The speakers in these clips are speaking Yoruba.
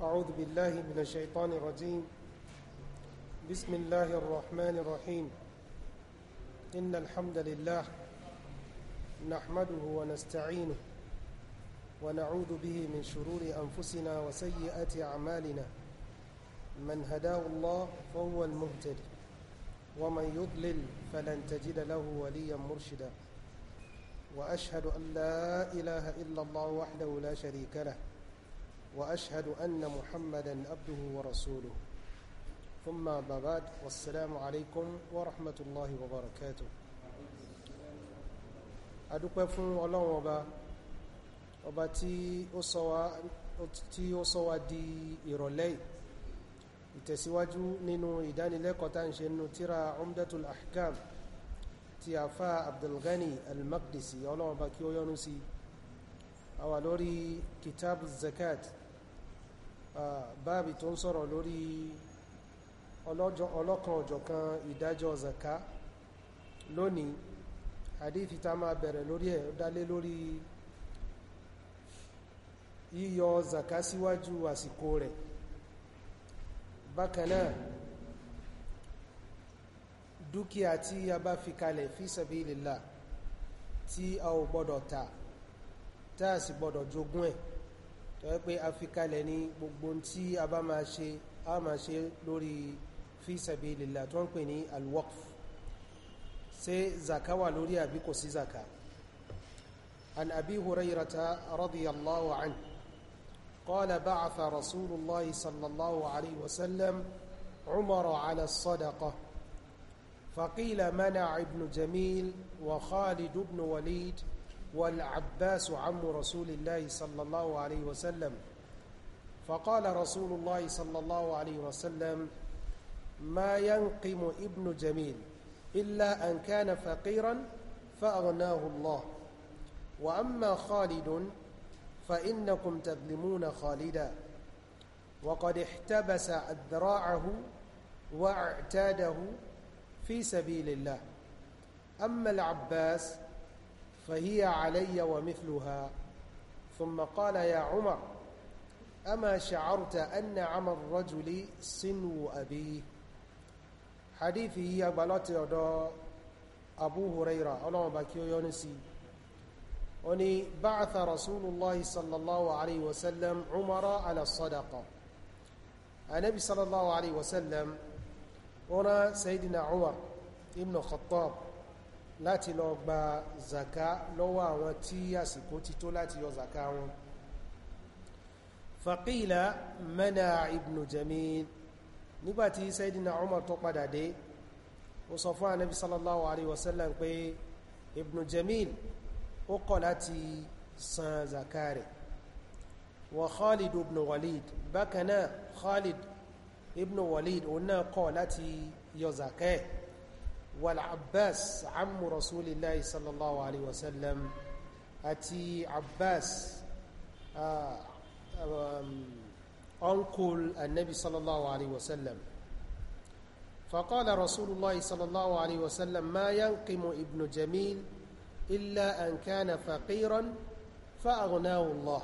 أعوذ بالله من الشيطان الرجيم بسم الله الرحمن الرحيم إن الحمد لله نحمده ونستعينه ونعوذ به من شرور أنفسنا وسيئات أعمالنا من هداه الله فهو المهتد ومن يضلل فلن تجد له وليا مرشدا وأشهد أن لا إله إلا الله وحده لا شريك له وأشهد أن محمدا عبده ورسوله ثم بعد والسلام عليكم ورحمة الله وبركاته adúpẹ́ fún ọlọ́run ọba ọba tí ó sọ wá di ìrọ̀lẹ́ ìtẹ̀síwájú nínú ìdánilẹ́kọ̀ọ́ tá ń ṣe nínú tíra umdatul ahkam ti àfá abdulgani al-maqdisi ọlọ́run ọba kí ó yọ́nú sí àwa lórí kitab zakat Ah, báàbì tó ń sọ̀rọ̀ lórí ọlọ́kan ọ̀jọ̀kan ìdájọ́ zaka lónìí hadithi tá máa bẹ̀rẹ̀ lórí ẹ̀ dálé lórí yíyọ zaka síwájú àsìkò rẹ̀ bákanáà dúkìá tí a bá fi kalẹ̀ fi sabilillah tí a ò gbọ́dọ̀ ta tá a sì gbọ́dọ̀ jogún ẹ̀ tọ́wọ́ pé afikalẹ̀ ní gbogbo tí a bá máa ṣe a máa ṣe lórí fi sabilillah tó ń pè ní alwaqf ṣe zaka wà lórí àbí kò sí zaka an abi hurairata radiyallahu an qala ba'atha rasulullahi sallallahu alaihi wasallam umara ala sadaqa faqila mana ibn jamil wa khalid ibn walid والعباس عم رسول الله صلى الله عليه وسلم فقال رسول الله صلى الله عليه وسلم ما ينقم ابن جميل إلا أن كان فقيرا فأغناه الله وأما خالد فإنكم تظلمون خالدا وقد احتبس أذراعه واعتاده في سبيل الله أما العباس فهي علي ومثلها ثم قال يا عمر أما شعرت أن عم الرجل سن أبيه حديثه بلات أبو هريرة اللهم باكيو يونسي أني بعث رسول الله صلى الله عليه وسلم عمر على الصدقة النبي صلى الله عليه وسلم هنا سيدنا عمر ابن الخطاب láti lọ gba zaka lọ́wọ́ àwọn tí àsìkò ti tó láti yọ zaka wọn fàkílà mẹ́nà ibnu jamil nígbàtí sayidina umar tó padà dé ó sọ fún ànábì sallallahu alaihi wasallam pé ibnu jamil ó kọ̀ láti san zaka rẹ̀ wa khalid ibnu walid bákanáà khalid ibnu walid òun náà kọ̀ láti yọ zaka rẹ̀ والعباس عم رسول الله صلى الله عليه وسلم أتي عباس أنقل النبي صلى الله عليه وسلم فقال رسول الله صلى الله عليه وسلم ما ينقم ابن جميل إلا أن كان فقيرا فأغناه الله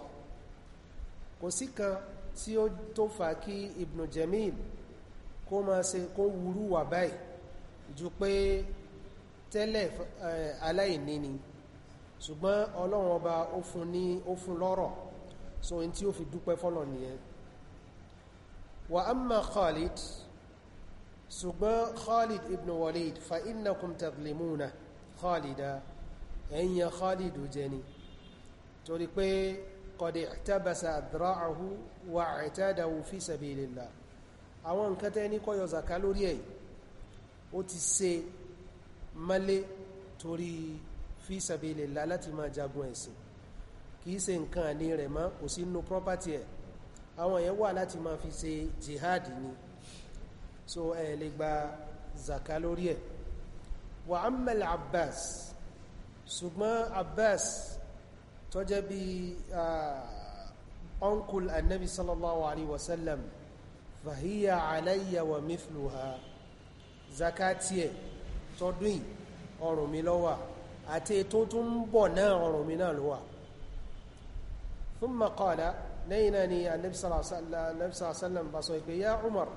وسكا tí ó ابن جميل kí ibnu jamil kó ju pé tẹ́lẹ̀ aláìní ni ṣùgbọ́n ọlọ́run ọba ó fún ní ó fún lọ́rọ̀ so in tí ó fi dúpẹ́ fọ́lọ̀ nìyẹn wa amma Khalid ṣùgbọ́n Khalid ibn Walid fa innakum tadlimuna Khalida ẹ̀yìn Khalid jẹni torí pé qad i'tabasa adra'ahu àwọn nǹkan tẹ́ ní kọ́yọ̀ zaka lórí ẹ̀yìn ó ti ṣe mọ́lé torí fi sabilillah láti máa jagun ẹ̀sìn kìí ṣe nǹkan àní rẹ̀ mọ́ kò sí nínú property ẹ̀ àwọn yẹn wà láti máa fi ṣe jihad ni so ẹ lè gba zaka lórí ẹ̀ wa ammal Abbas ṣùgbọ́n Abbas tó jẹ́ bí uncle annabi sallallahu alaihi wasallam fahiya alayya wa mithluha zakati ẹ̀ tọdún yìí ọrùn mi ló wà àti ètò tó ń bọ̀ náà ọrùn mi náà ló wà thumma qala lẹ́yìn náà ni Ànábì sallam bá sọ pé ya Umar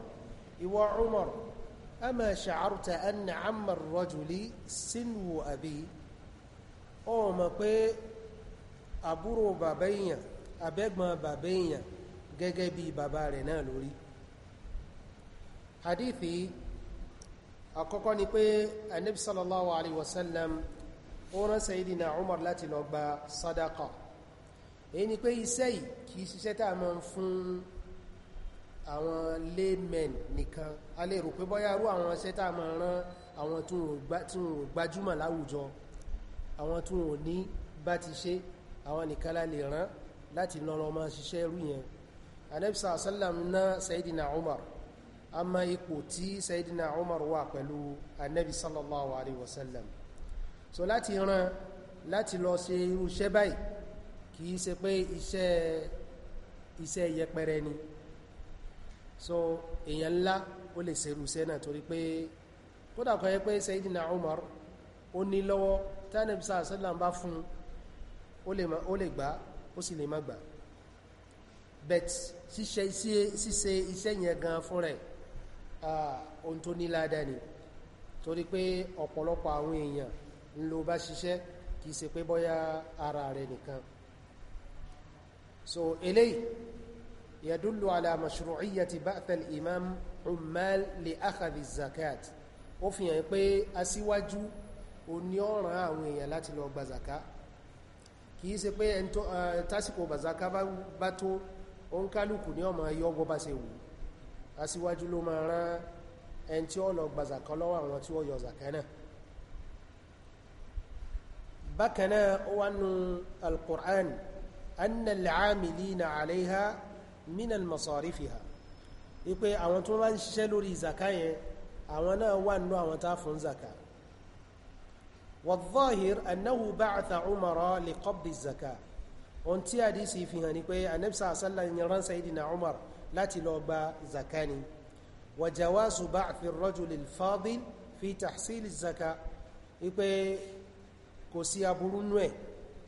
ìwọ Umar ama sha'arta anna amma ar-rajuli sinwu abi ó mọ̀ pé àbúrò bàbá èèyàn abẹ́gbọ̀n bàbá èèyàn gẹ́gẹ́ bí bàbá rẹ̀ náà lórí hadithi àkọ́kọ́ ni pé anabi sallallahu alayhi wa sallam ó rán sayidina umar láti lọ gba sadaka èyí ni pé iṣẹ́ yìí kìí ṣiṣẹ́ tá a máa ń fún àwọn laymen nìkan a lè rò pé bóyá rú àwọn iṣẹ́ tá a rán àwọn tí ò gbajúmọ̀ láwùjọ àwọn tí ò ní bá ti ṣe àwọn nìkan la lè rán láti lọ́rọ̀ máa ṣiṣẹ́ rú yẹn anabi sallallahu alayhi wa sallam ná sayidina umar ama ipò tí sayidina umar wà pẹ̀lú anabi sallallahu alaihi wasallam so láti ran láti lọ ṣe irú iṣẹ́ báyìí kì í ṣe pé iṣẹ́ iṣẹ́ yẹpẹrẹ ni so èèyàn ńlá ó lè ṣerú iṣẹ́ náà torí pé kódà kan yẹ pé sayidina umar ó ní lọ́wọ́ tánàbí sallam bá fún ó lè gbà ó sì lè má gbà bet ṣíṣe iṣẹ́ yẹn gan fún rẹ̀ ohun tó ní ládá ni torí pé ọ̀pọ̀lọpọ̀ àwọn èèyàn ń lo bá ṣiṣẹ́ kìí ṣe pé bọ́yá ara rẹ̀ nìkan so eléyìí yadullu ala mashru'iyyati ba'th al-imam ummal li akhadhi zakat ó fi hàn pé asíwájú ó ní ọ̀ràn àwọn èèyàn láti lọ gba zaka kìí ṣe pé tásìkò bazaka bá tó ó ní ọmọ yọ́gbọ́ bá ṣe wù aṣíwájú ló máa rán ẹni tí ó lọ gba zàkà lọ́wọ́ àwọn tí ó yọ zàkà náà bákan náà ó wá nu alkùrán anna al-amilina alayha min al-masarifiha wípé àwọn tó bá ń ṣiṣẹ́ lórí zàkà yẹn àwọn náà wà nú àwọn tá fún zàkà والظاهر أنه بعث عمر لقبض الزكاة أنت حديثي في هني كوي النبي صلى الله عليه وسلم يران سيدنا عمر láti lọ gba zakani wa jawazu ba'thi ar-rajul al-fadil fi tahsil az-zaka wípé kò sí aburú nú ẹ̀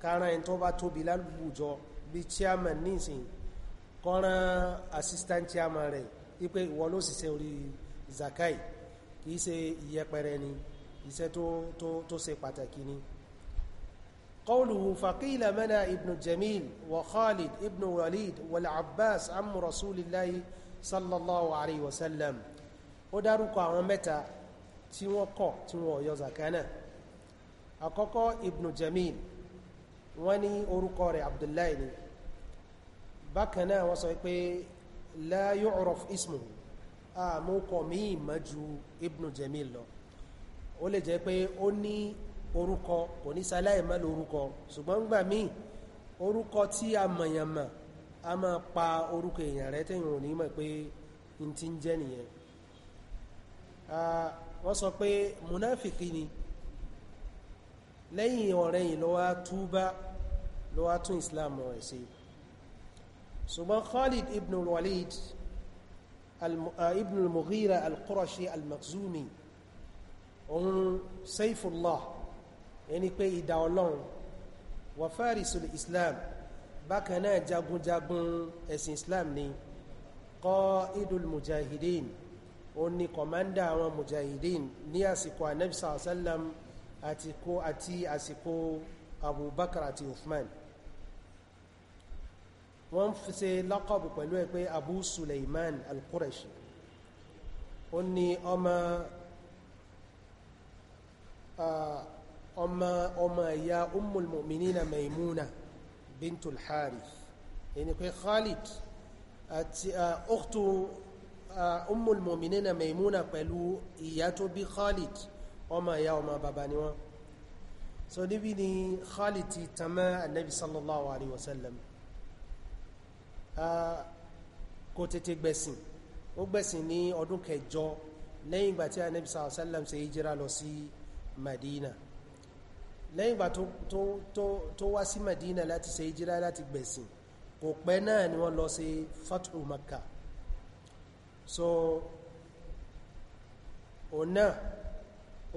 kárán ẹni tó bá tóbi lálùjọ bí chairman nísìn kọ́ran assistant chairman rẹ̀ wípé ìwọ ló ṣiṣẹ́ orí zakai kìí ṣe ìyẹpẹrẹ ni iṣẹ́ tó ṣe pàtàkì ni قوله فقيل منا ابن جميل وخالد ابن وليد والعباس عم رسول الله صلى الله عليه وسلم ودارك عمتا تيوكو تيو يزكنا أكوكا ابن جميل وني أرقار عبد الله بكنا وصيبي لا يعرف اسمه آموكو مي مجو ابن جميل له ó lè orúkọ kò ní sáláì má lórúkọ ṣùgbọ́n gbà míì orúkọ tí a mọ̀yànmọ̀ a máa pa orúkọ èèyàn rẹ tẹ̀yìn òní mọ̀ pé n ti ń jẹ́ nìyẹn wọ́n sọ pé munafiki ni lẹ́yìn ọ̀rẹ́ yìí lọ́wọ́ túbá lọ́wọ́ tún islam rẹ̀ sí ṣùgbọ́n khalid ibn walid ibn mughira al-qurashi al-makhzumi òun saifullah ẹni pé ìdá ọlọ́run wà fárisul islam bákan náà jagunjagun ẹ̀sìn islam ni qaidul mujahideen ó ní kọ̀mándà àwọn mujahideen ní àsìkò anabi sallam àti àsìkò abubakar àti uthman wọ́n fi ṣe laqabu pẹ̀lú ẹ̀ pé abu suleiman al-qurashi ó ní ọmọ ọmọ ọmọ ìyá ummul mu'minina maimuna bintul harith ẹni pé khalid àti ọ̀tù ummul mu'minina maimuna pẹ̀lú ìyá tó bí khalid ọmọ ìyá ọmọ bàbá ni wọ́n so níbi ni khalid ti tamá annabi sallallahu alaihi wasallam kò tètè gbẹ̀sìn ó gbẹ̀sìn ní ọdún kẹjọ lẹ́yìn ìgbà tí annabi sallallahu alaihi wasallam ṣe hijira lọ sí madina lẹ́yìn ìgbà tó wá sí Madina láti ṣe ìjírá láti gbẹ̀sìn kò pẹ́ náà ni wọ́n lọ sí fatu Makka so ọ̀nà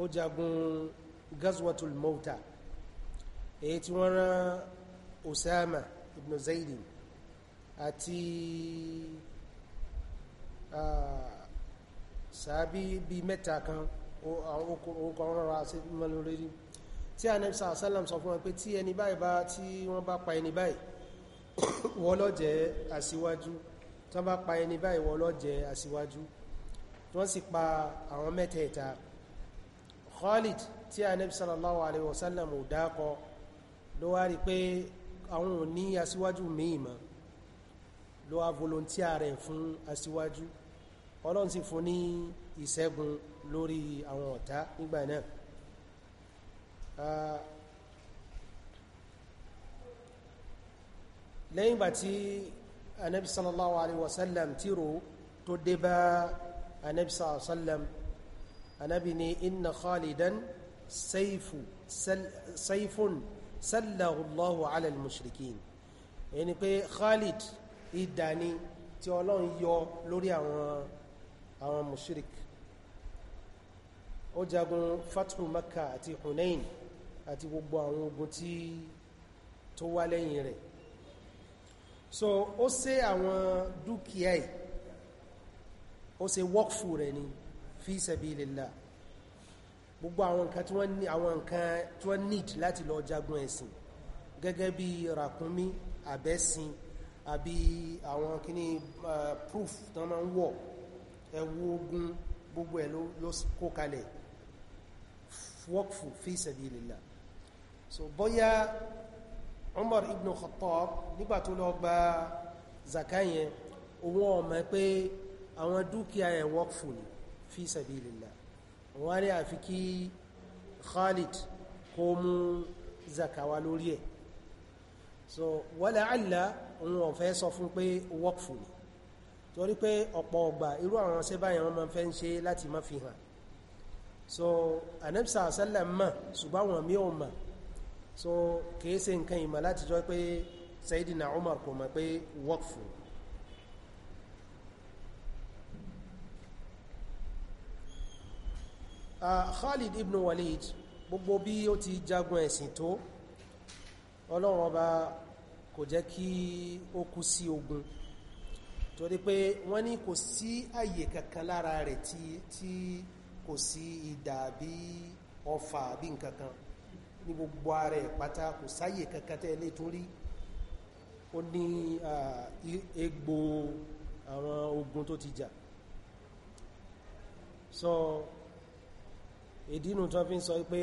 ó jagun gazwatul mauta èyí tí wọ́n rán Osama ibn Zaidin àti sàábí bí mẹ́ta kan àwọn okùnrin ọ̀rọ̀ àti mọ́lórí tí Ànábì sàásálàm sọ fún wọn pé tí ẹni báyìí bá tí wọ́n bá pa ẹni báyìí wọ́n ló jẹ́ aṣíwájú tí wọ́n bá pa ẹni báyìí wọ́n ló jẹ́ aṣíwájú tí wọ́n sì pa àwọn mẹ́tẹ̀ẹ̀ta Khalid tí Ànábì sallallahu alaihi wasallam ò dákọ ló wá rí pé àwọn ò ní aṣíwájú míì mọ́ ló wá volunteer rẹ̀ fún aṣíwájú ọlọ́run sì fún ní ìṣẹ́gun lórí àwọn ọ̀tá nígbà náà Eh, lẹ́yìn ìgbà tí anabi sallallahu alaihi wasallam tíró tó dé bá anabi sallallahu alaihi wasallam anabi ni inna khalidan saifu saifun sallahu allahu ala al-mushrikin ẹni pé khalid ìdání tí ọlọ́run yọ lórí àwọn àwọn mushrik ó jagun fathu makka àti hunain àti gbogbo àwọn ogun tí tó wá lẹ́yìn rẹ̀ so ó ṣe àwọn dúkìá ẹ̀ ó ṣe wọ́kfù rẹ̀ ni fi sabilillah gbogbo àwọn nǹkan tí wọ́n ní àwọn nǹkan tí wọ́n need láti lọ jagun ẹ̀sìn gẹ́gẹ́ bí ràkúnmí àbẹ́sìn àbí àwọn kíní proof tán máa ń wọ̀ ẹ̀wù ogun gbogbo ẹ̀ ló kó kalẹ̀ wọ́kfù fi sabilillah so bóyá Umar ibn Khattab nígbà tó lọ gba zaka yẹn òun ọmọ pé àwọn dúkìá yẹn wọ́kfù ní fi sabilillah wọ́n ní àfi kí Khalid kó mú zaka wa lórí ẹ̀ so wọ́lẹ̀ àlá òun ọ̀fẹ́ sọ fún pé wọ́kfù ní torí pé ọ̀pọ̀ ọgbà irú àwọn sẹ́bà yẹn wọ́n fẹ́ ń ṣe láti má fi hàn so anẹ́bsà sẹ́lẹ̀ mọ̀ ṣùgbọ́n àwọn mí ò mọ̀ so kìí ṣe nǹkan ìmọ̀ láti jọ pé Sayyidina Umar kò mọ̀ pé wọ́kfù ah, Khalid ibn Walid gbogbo bí ó ti jagun ẹ̀sìn tó ọlọ́run ọba kò jẹ́ kí ó kú sí ogun torí pé wọ́n ní kò sí àyè kankan lára rẹ̀ tí kò sí idà ọfà bí nkankan ní gbogbo ara ẹ̀ pátá kò sáyè kankan tẹ́ lé torí ó ní egbò àwọn ogun tó ti jà so ìdínú tó fi ń sọ pé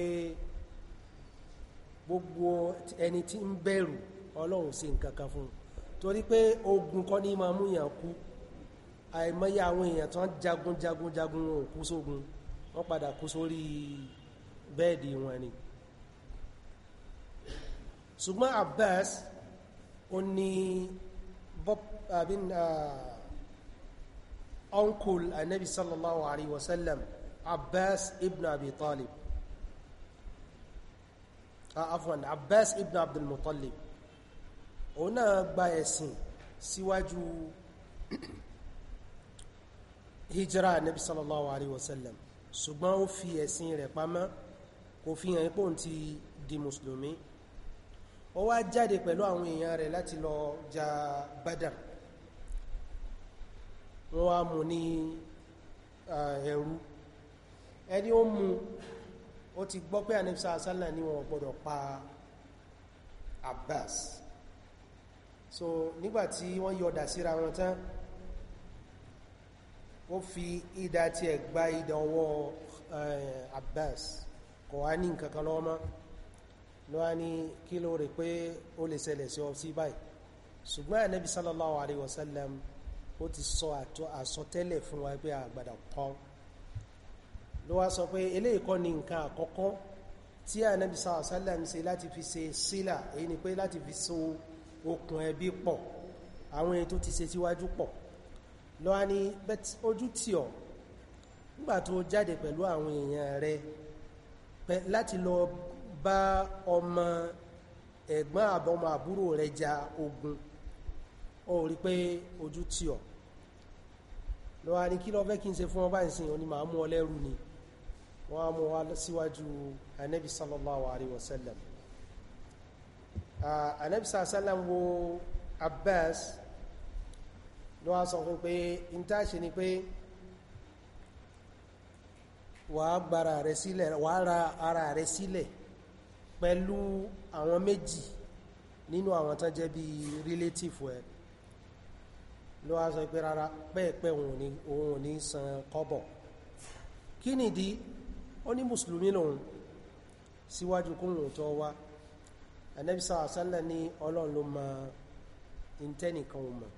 gbogbo ẹni tí ń bẹ̀rù ọlọ́run sí nǹkankan fún torí pé ogun kọ́ ní máa múyàn kú àìmọye àwọn èèyàn tán jagun jagun jagun òkú sógun wọ́n padà kú sórí bẹ́ẹ̀dì wọn ni. So, ṣùgbọ́n Abbas ó ní bob abin uh, uncle anabi sallallahu alaihi wasallam Abbas ibn Abi Talib ah, afwan Abbas ibn Abdul Muttalib òun náà gba ẹ̀sìn síwájú hijira anabi sallallahu alaihi wasallam ṣùgbọ́n ó fi ẹ̀sìn rẹ̀ pamọ́ kò fi hàn ipò ti di mùsùlùmí ó wá jáde pẹ̀lú àwọn èèyàn rẹ̀ láti lọ ja Badar wọ́n wá mú ní ẹ̀rú ẹni ó mú ó ti gbọ́ pé anẹ́bísà asálà ní wọn gbọ́dọ̀ pa Abbas so nígbàtí wọ́n yọ̀dà síra wọn tán ó fi idà tí ẹ̀ gba idà Abbas kò wá ní nǹkan lọ́wọ́ mọ́ ló wá ní kí ló rè pé ó lè ṣẹlẹ̀ sí ọ sí báyìí ṣùgbọ́n ànábì sallallahu alayhi wa sallam ó ti sọ àsọtẹ́lẹ̀ fún wa pé àgbàdà kan ló wá sọ pé eléyìí kọ́ ni nǹkan àkọ́kọ́ tí ànábì sallallahu alayhi wa sallam ṣe láti fi ṣe sílà èyí ni pé láti fi so okùn ẹbí pọ̀ àwọn èyí tó ti ṣe síwájú pọ̀ ló wá ní ojú tì ọ́ nígbà tó jáde pẹ̀lú àwọn èèyàn rẹ láti lọ ba ọmọ ẹ̀gbọ́n àbọ̀mọ àbúrò rẹ̀ ja ogun ó rí pé ojú tì ọ́ lọ́wọ́ ni kí lọ fẹ́ kí n ṣe fún ọba ìsìn òní màá mú ọ lẹ́rù ni wọ́n á mú wa síwájú anabi sallallahu alayhi wa anabi sallallahu wo abbas lọ́wọ́ sọ fún pé n tá ṣe ni pé wàá gbára rẹ̀ sílẹ̀ wàá ra ara rẹ̀ sílẹ̀ pẹ̀lú àwọn méjì nínú àwọn tán jẹ́ bí relative ẹ̀ ló wá sọ pé rárá pẹ́ẹ̀pẹ́ òun ò ní san kọ́bọ̀ kí nìdí ó ní mùsùlùmí lòun síwájú kún òun tó wá ẹ̀nẹ́bísà àṣálẹ̀ ní ọlọ́run ló mọ ìntẹ́nìkan ò mọ̀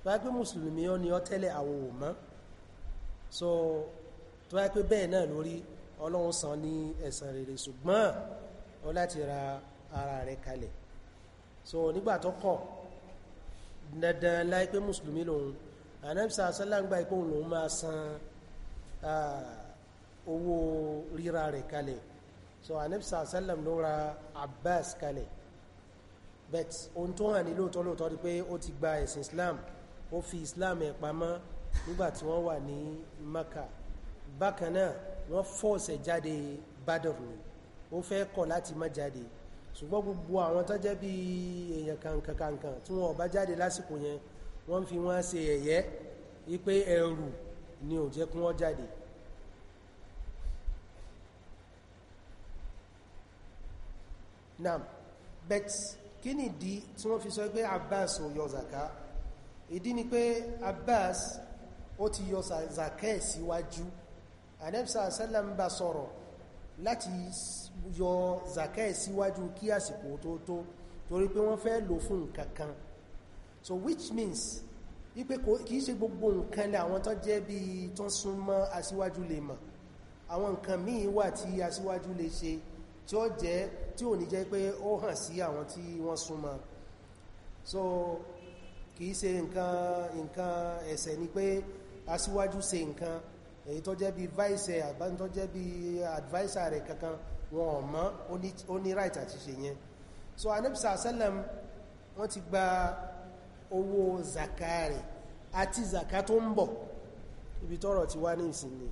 tó wáyé pé mùsùlùmí ó ní ọ tẹ́lẹ̀ àwọn ò mọ́ so tó wáyé pé bẹ́ẹ̀ náà lórí ọlọ́run san ní ẹ̀san rere ṣùgbọ́n ó láti ra ara rẹ̀ kalẹ̀ so nígbà tó kọ̀ dandan láì pé mùsùlùmí lòun anamsa asálàǹgbà ipò lòun máa san owó ríra rẹ̀ kalẹ̀ so anamsa asálàm ló ra Abbas kalẹ̀ bet ohun tó hàn ní lóòótọ́ lóòótọ́ ni pé ó ti gba ẹ̀sìn Islam ó fi Islam ẹ̀ pamọ́ nígbà tí wọ́n wà ní Maka bákan náà wọ́n fọ́ọ̀sẹ̀ jáde Badr ni ó fẹ́ kọ̀ láti má jáde ṣùgbọ́n gbogbo àwọn tó jẹ́ bí èèyàn kankan kankan tí wọ́n bá jáde lásìkò yẹn wọ́n fi wọ́n ṣe ẹ̀yẹ́ wípé ẹrù ni ò jẹ́ kí wọ́n jáde naam bet kí ni ìdí tí wọ́n fi sọ pé Abbas ò yọ zaka ìdí ni pé Abbas ó ti yọ zaka ẹ̀ síwájú anẹ́bísà sẹ́lẹ̀ ń bá sọ̀rọ̀ láti yọ zakai síwájú kí àsìkò tó tó torí pé wọ́n fẹ́ lò fún nǹkan so which means wípé kìí ṣe gbogbo nǹkan lẹ àwọn tó jẹ́ bí tó súnmọ́ aṣíwájú lè mọ̀ àwọn nǹkan míì wà tí aṣíwájú lè ṣe tí ó jẹ́ tí ò ní jẹ́ pé ó hàn sí àwọn tí wọ́n súnmọ́ so kìí ṣe nǹkan nǹkan ni pé aṣíwájú ṣe nǹkan èyí tó jẹ́ bí vice àbá jẹ́ bí advisor rẹ̀ kankan wọn ò mọ̀ ó ní right àti ṣe yẹn so anabisa asẹ́lẹ̀m wọ́n ti gba owó zaka rẹ̀ àti zaka tó ń bọ̀ ibi tọ́rọ̀ ti wá ní ìsinmi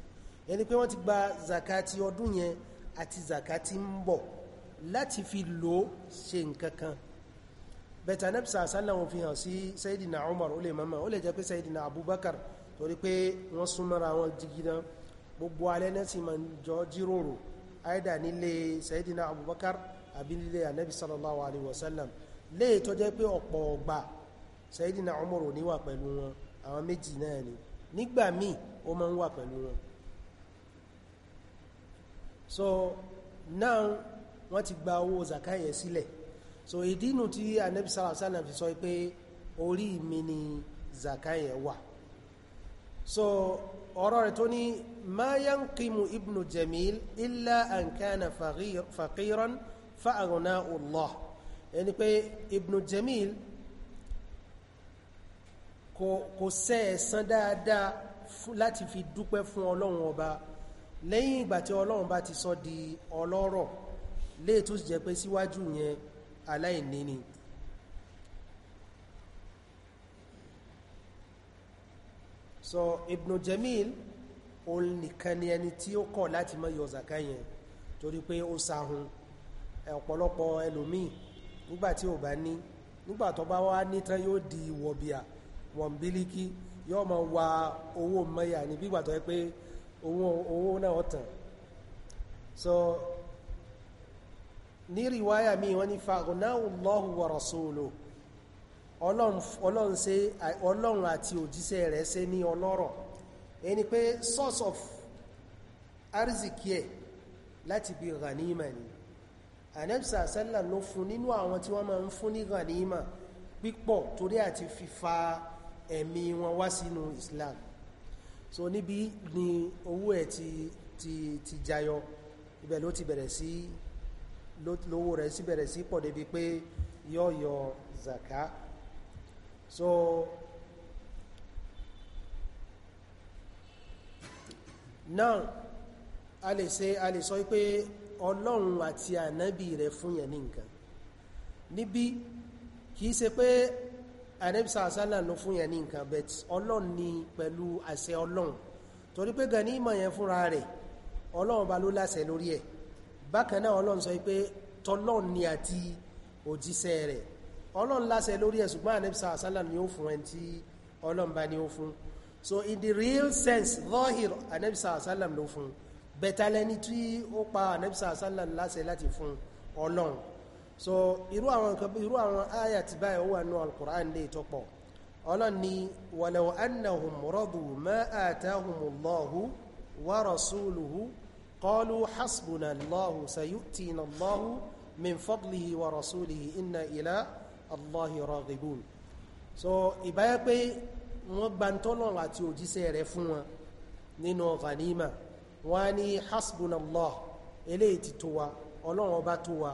ẹni pé wọ́n ti gba zaka ti ọdún yẹn àti zaka ti ń bọ̀ láti fi lò ṣe nkankan bẹ̀tẹ̀ anabisa asẹ́lẹ̀m fi hàn sí sayidina Umar ó lè mọ́mọ́ ó lè jẹ́ pé sayidina Abubakar torí pé wọ́n súnmọ́ra wọn jigidan gbogbo alẹ́ náà sì máa jọ jíròrò àìdá nílé sayidina abubakar àbí anabi sallallahu alayhi wa sallam tó jẹ́ pé ọ̀pọ̀ ọgbà sayidina umar níwà pẹ̀lú wọn àwọn méjì náà ni nígbà míì ó máa ń wà pẹ̀lú wọn so now wọ́n ti gba owó zakayẹ sílẹ̀ so ìdínú tí anabi sallallahu alayhi wa sallam fi sọ pé orí mi ni zakayẹ wà so ọ̀rọ̀ rẹ̀ tó ní ma yanqimu ibnu jamil illa an kana faqiran fa'aruna Allah ẹni pé ibnu jamil kò sẹ́ ẹ̀san dáadáa láti fi dúpẹ́ fún ọlọ́run ọba lẹ́yìn ìgbà tí ọlọ́run bá ti sọ di ọlọ́rọ̀ léè sì jẹ́ pé síwájú yẹn aláìní ni. so Ibn jamil òun nìkan ni ẹni tí ó kọ̀ láti má yọ zaka yẹn torí pé ó sahun ọ̀pọ̀lọpọ̀ ẹlòmíì nígbà ò bá ní nígbà bá wá ní yóò di wọ̀bìà wọ̀nbílíkì yóò máa wa owó mẹ́yà ní bí gbàtọ̀ pé owó náà ọ̀tàn so ní riwaya mi wọ́n ní fagunáwó lọ́hùn wa rasuluhu ọlọ́run àti òjíṣẹ́ rẹ̀ ṣe ní ọlọ́rọ̀ ẹni pé source of arziki ẹ̀ láti bí ghanima ni anẹ́bìsà sẹ́lá ló fún nínú àwọn tí wọ́n máa ń fún ní ghanima pípọ̀ torí àti fífa ẹ̀mí wọn wá sínú Islam so níbi ni owó ẹ̀ ti ti ti jayọ ibẹ̀ ló ti bẹ̀rẹ̀ sí lówó rẹ̀ sí bẹ̀rẹ̀ sí pọ̀ débi pé yọ́ yọ zaka so now a lè ṣe a lè sọ pé ọlọ́run àti ànábì rẹ̀ fún yẹn ní nǹkan níbi kìí ṣe pé ànábì sàásánà ló fún yẹn ní nǹkan but ọlọ́run ni pẹ̀lú àṣẹ ọlọ́run torí pé gani ìmọ̀ yẹn fúnra rẹ̀ ọlọ́run ba ló láṣẹ lórí ẹ̀ bákan náà ọlọ́run sọ pé tọlọ́run ni àti òjíṣẹ́ rẹ̀ ọlọ́run láṣẹ lórí ẹ̀ ṣùgbọ́n anẹ́bísà àṣálàm ni ó fún ẹni tí ọlọ́run bá ní ó fún so in the real sense lọ́hìr anẹ́bísà àṣálàm ló fún bẹ̀tà lẹni tí ó pa anẹ́bísà àṣálàm láṣẹ láti fún ọlọ́run so irú àwọn irú àwọn àyà ti báyìí ó wà nù alukur'an lè tọ́pọ̀ ọlọ́run ni walaw annahum radu ma atahumullahu wa rasuluhu qalu hasbunallahu sayu'tina allahu min fadlihi wa rasulihi inna ila الله راغبون، so ìbáyá pé wọ́n gba tọ́lọ̀ àti òjíṣẹ́ rẹ̀ fún wọn nínú ghanima wọ́n ní hasbunallah eléyìí ti tó wa ọlọ́run ọba tó wa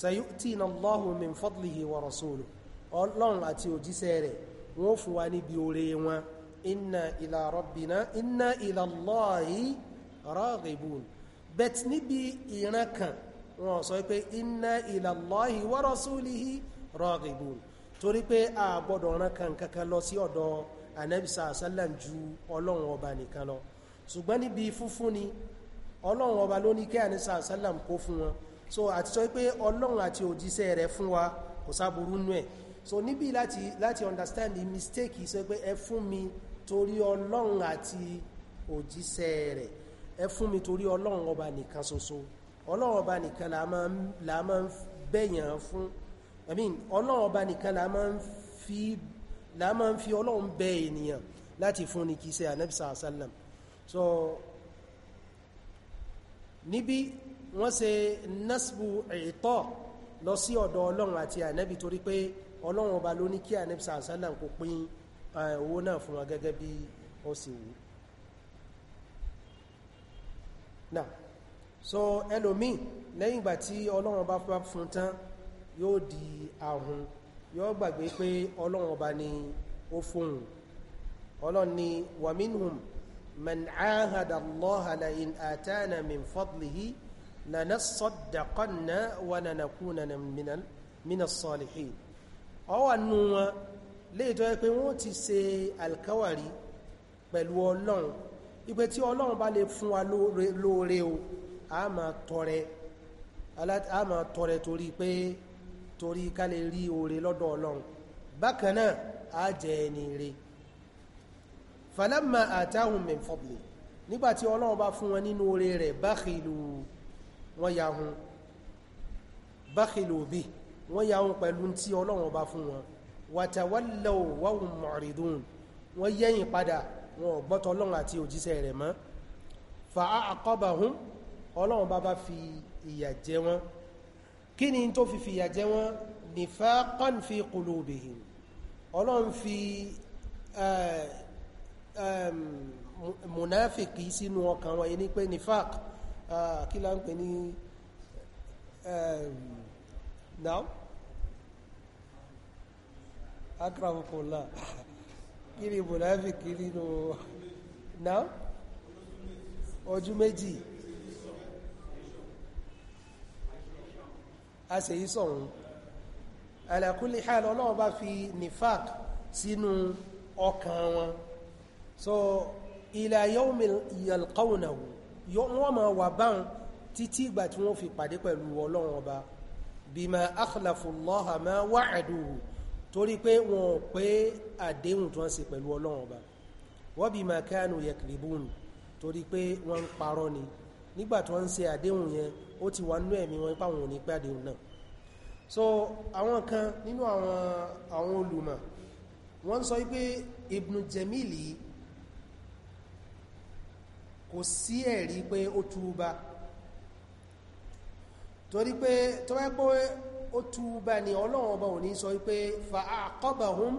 sayu'tina Allahu min fadlihi wa rasuluhu ọlọ́run àti òjíṣẹ́ rẹ̀ wọ́n fún wa níbi oore wọn inna ila rabbina inna ila Allahi raghibun bet níbi ìran kan wọ́n sọ pé inna ila Allahi wa rasulihi rọ́gìbùn torí pé a gbọ́dọ̀ rán kankankan lọ sí ọ̀dọ̀ anẹ́bìsà sálàm ju ọlọ́run ọba nìkan lọ ṣùgbọ́n níbi fúnfún ni ọlọ́run ọba ló ní kí anẹ́bìsà sálàm kó fún wọn so àti sọ pé ọlọ́run àti òjíṣẹ́ rẹ̀ fún wa kò sáburú nú ẹ̀ so níbi láti láti understand the mistake sọ pé ẹ fún mi torí ọlọ́run àti òjíṣẹ́ rẹ̀ ẹ fún mi torí ọlọ́run ọba nìkan ṣoṣo ọlọ́run ọba nìkan la máa ń bẹ̀yàn fún I mean ọlọ́run ọba nìkan la máa ń fi la máa ń fi ọlọ́run bẹ ènìyàn láti fún ní kìí ṣe ànẹ́bìsà àṣálàm so níbi wọ́n ṣe nasbu ìtọ́ lọ sí ọ̀dọ̀ ọlọ́run àti ànẹ́bì torí pé ọlọ́run ọba ló ní kí ànẹ́bìsà àṣálàm kò pín owó náà fún wa gẹ́gẹ́ bí ó sì wù náà so ẹlòmíì lẹ́yìn ìgbà tí ọlọ́run ọba fún tán yóò di ahun yóò gbàgbé pé ọlọ́run ọba ni ó fóun ọlọ́run ni wa minhum man ahada allaha la in atana min fadlihi lanasadaqanna wa lanakunanna mina salihin ọwà nù wọn léètọ́ ẹ pé wọ́n ti ṣe alkawari pẹ̀lú ọlọ́run ipe tí ọlọ́run bá lè fún wa lóore o a máa tọrẹ torí pé torí ká lè rí oore lọ́dọ̀ ọlọ́run bákan náà á jẹ ẹni re falamma atahum min fadli nígbàtí ọlọ́run bá fún wọn nínú oore rẹ̀ bakhilu wọ́n ya hun bakhilu bi wọ́n ya hun pẹ̀lú tí ọlọ́run bá fún wọn watawallaw wa hum mu'ridun yẹ́yìn padà wọn ò gbọ́tọ̀ ọlọ́run àti òjíṣẹ́ rẹ̀ mọ́ fa aqabahum ọlọ́run bá bá fi ìyà jẹ wọn kí ni tó fi fìyà jẹ wọ́n nifaqan fi qulubihim ọlọ́run fi munafiki sínú ọkàn wọn ní pé nifaq kí la ń pè ní now akramukola kí ni munafiki nínú now ojú méjì a sì yí sọ̀run ala kulli hal ọlọ́run bá fi nifaq sínú ọkàn wọn so ila yawmi yalqawnahu wọ́n ma wà bán títí ìgbà tí wọ́n fi pàdé pẹ̀lú ọlọ́run ọba bima akhlafu ma wa'aduhu torí pé wọn ò pé àdéhùn tó ń ṣe pẹ̀lú ọlọ́run bima kanu yakribun torí pé wọ́n ń ni nígbà tó ń ṣe àdéhùn ó ti wà nú ẹ̀mí wọn ipá wọn ò ní pé àdéhùn náà so àwọn kan nínú àwọn àwọn olùmọ̀ wọ́n sọ wípé Ibn Jamili kò sí ẹ̀rí pé ó túúbá torí pé tó wẹ́ pé ó túúbá ni ọlọ́run ọba ò sọ wípé fa'aqabahum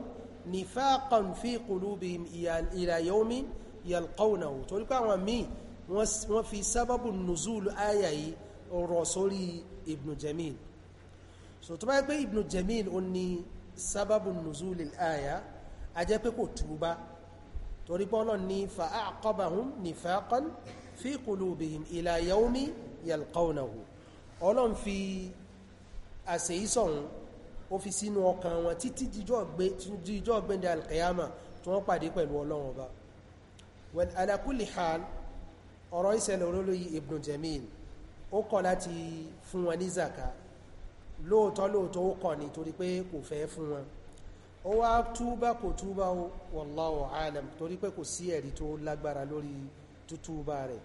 nifaqan fi qulubihim ila yawmi yalqawnahu torí pé àwọn míì wọ́n fi sábàbù nùzúlù áyà ọ̀rọ̀ sórí ibn jamil so tó bá pé ibn jamil ó ní sábàbù nùzúlì àyà a jẹ́ pé kò túbá torí pé Ọlọ́run ní fa'aqabahum nifaqan fi qulubihim ila yawmi yalqawnahu Ọlọ́run fi àṣeyísọ̀hún ó fi sínú ọkàn wọn títí jíjọ́ gbẹ́ndẹ̀ alkiyama tí wọ́n pàdé pẹ̀lú Ọlọ́run ọba ala kulli hal ọ̀rọ̀ ìṣẹ̀lẹ̀ olóyìí ibn jamil ó kọ̀ láti fún wọn ní zaka lóòtọ́ lóòtọ́ ó kọ̀ ní torí pé kò fẹ́ fún wọn ó wá túbá kò túbá wallahu alam torí pé kò sí ẹ̀rí tó lágbára lórí tútúbá rẹ̀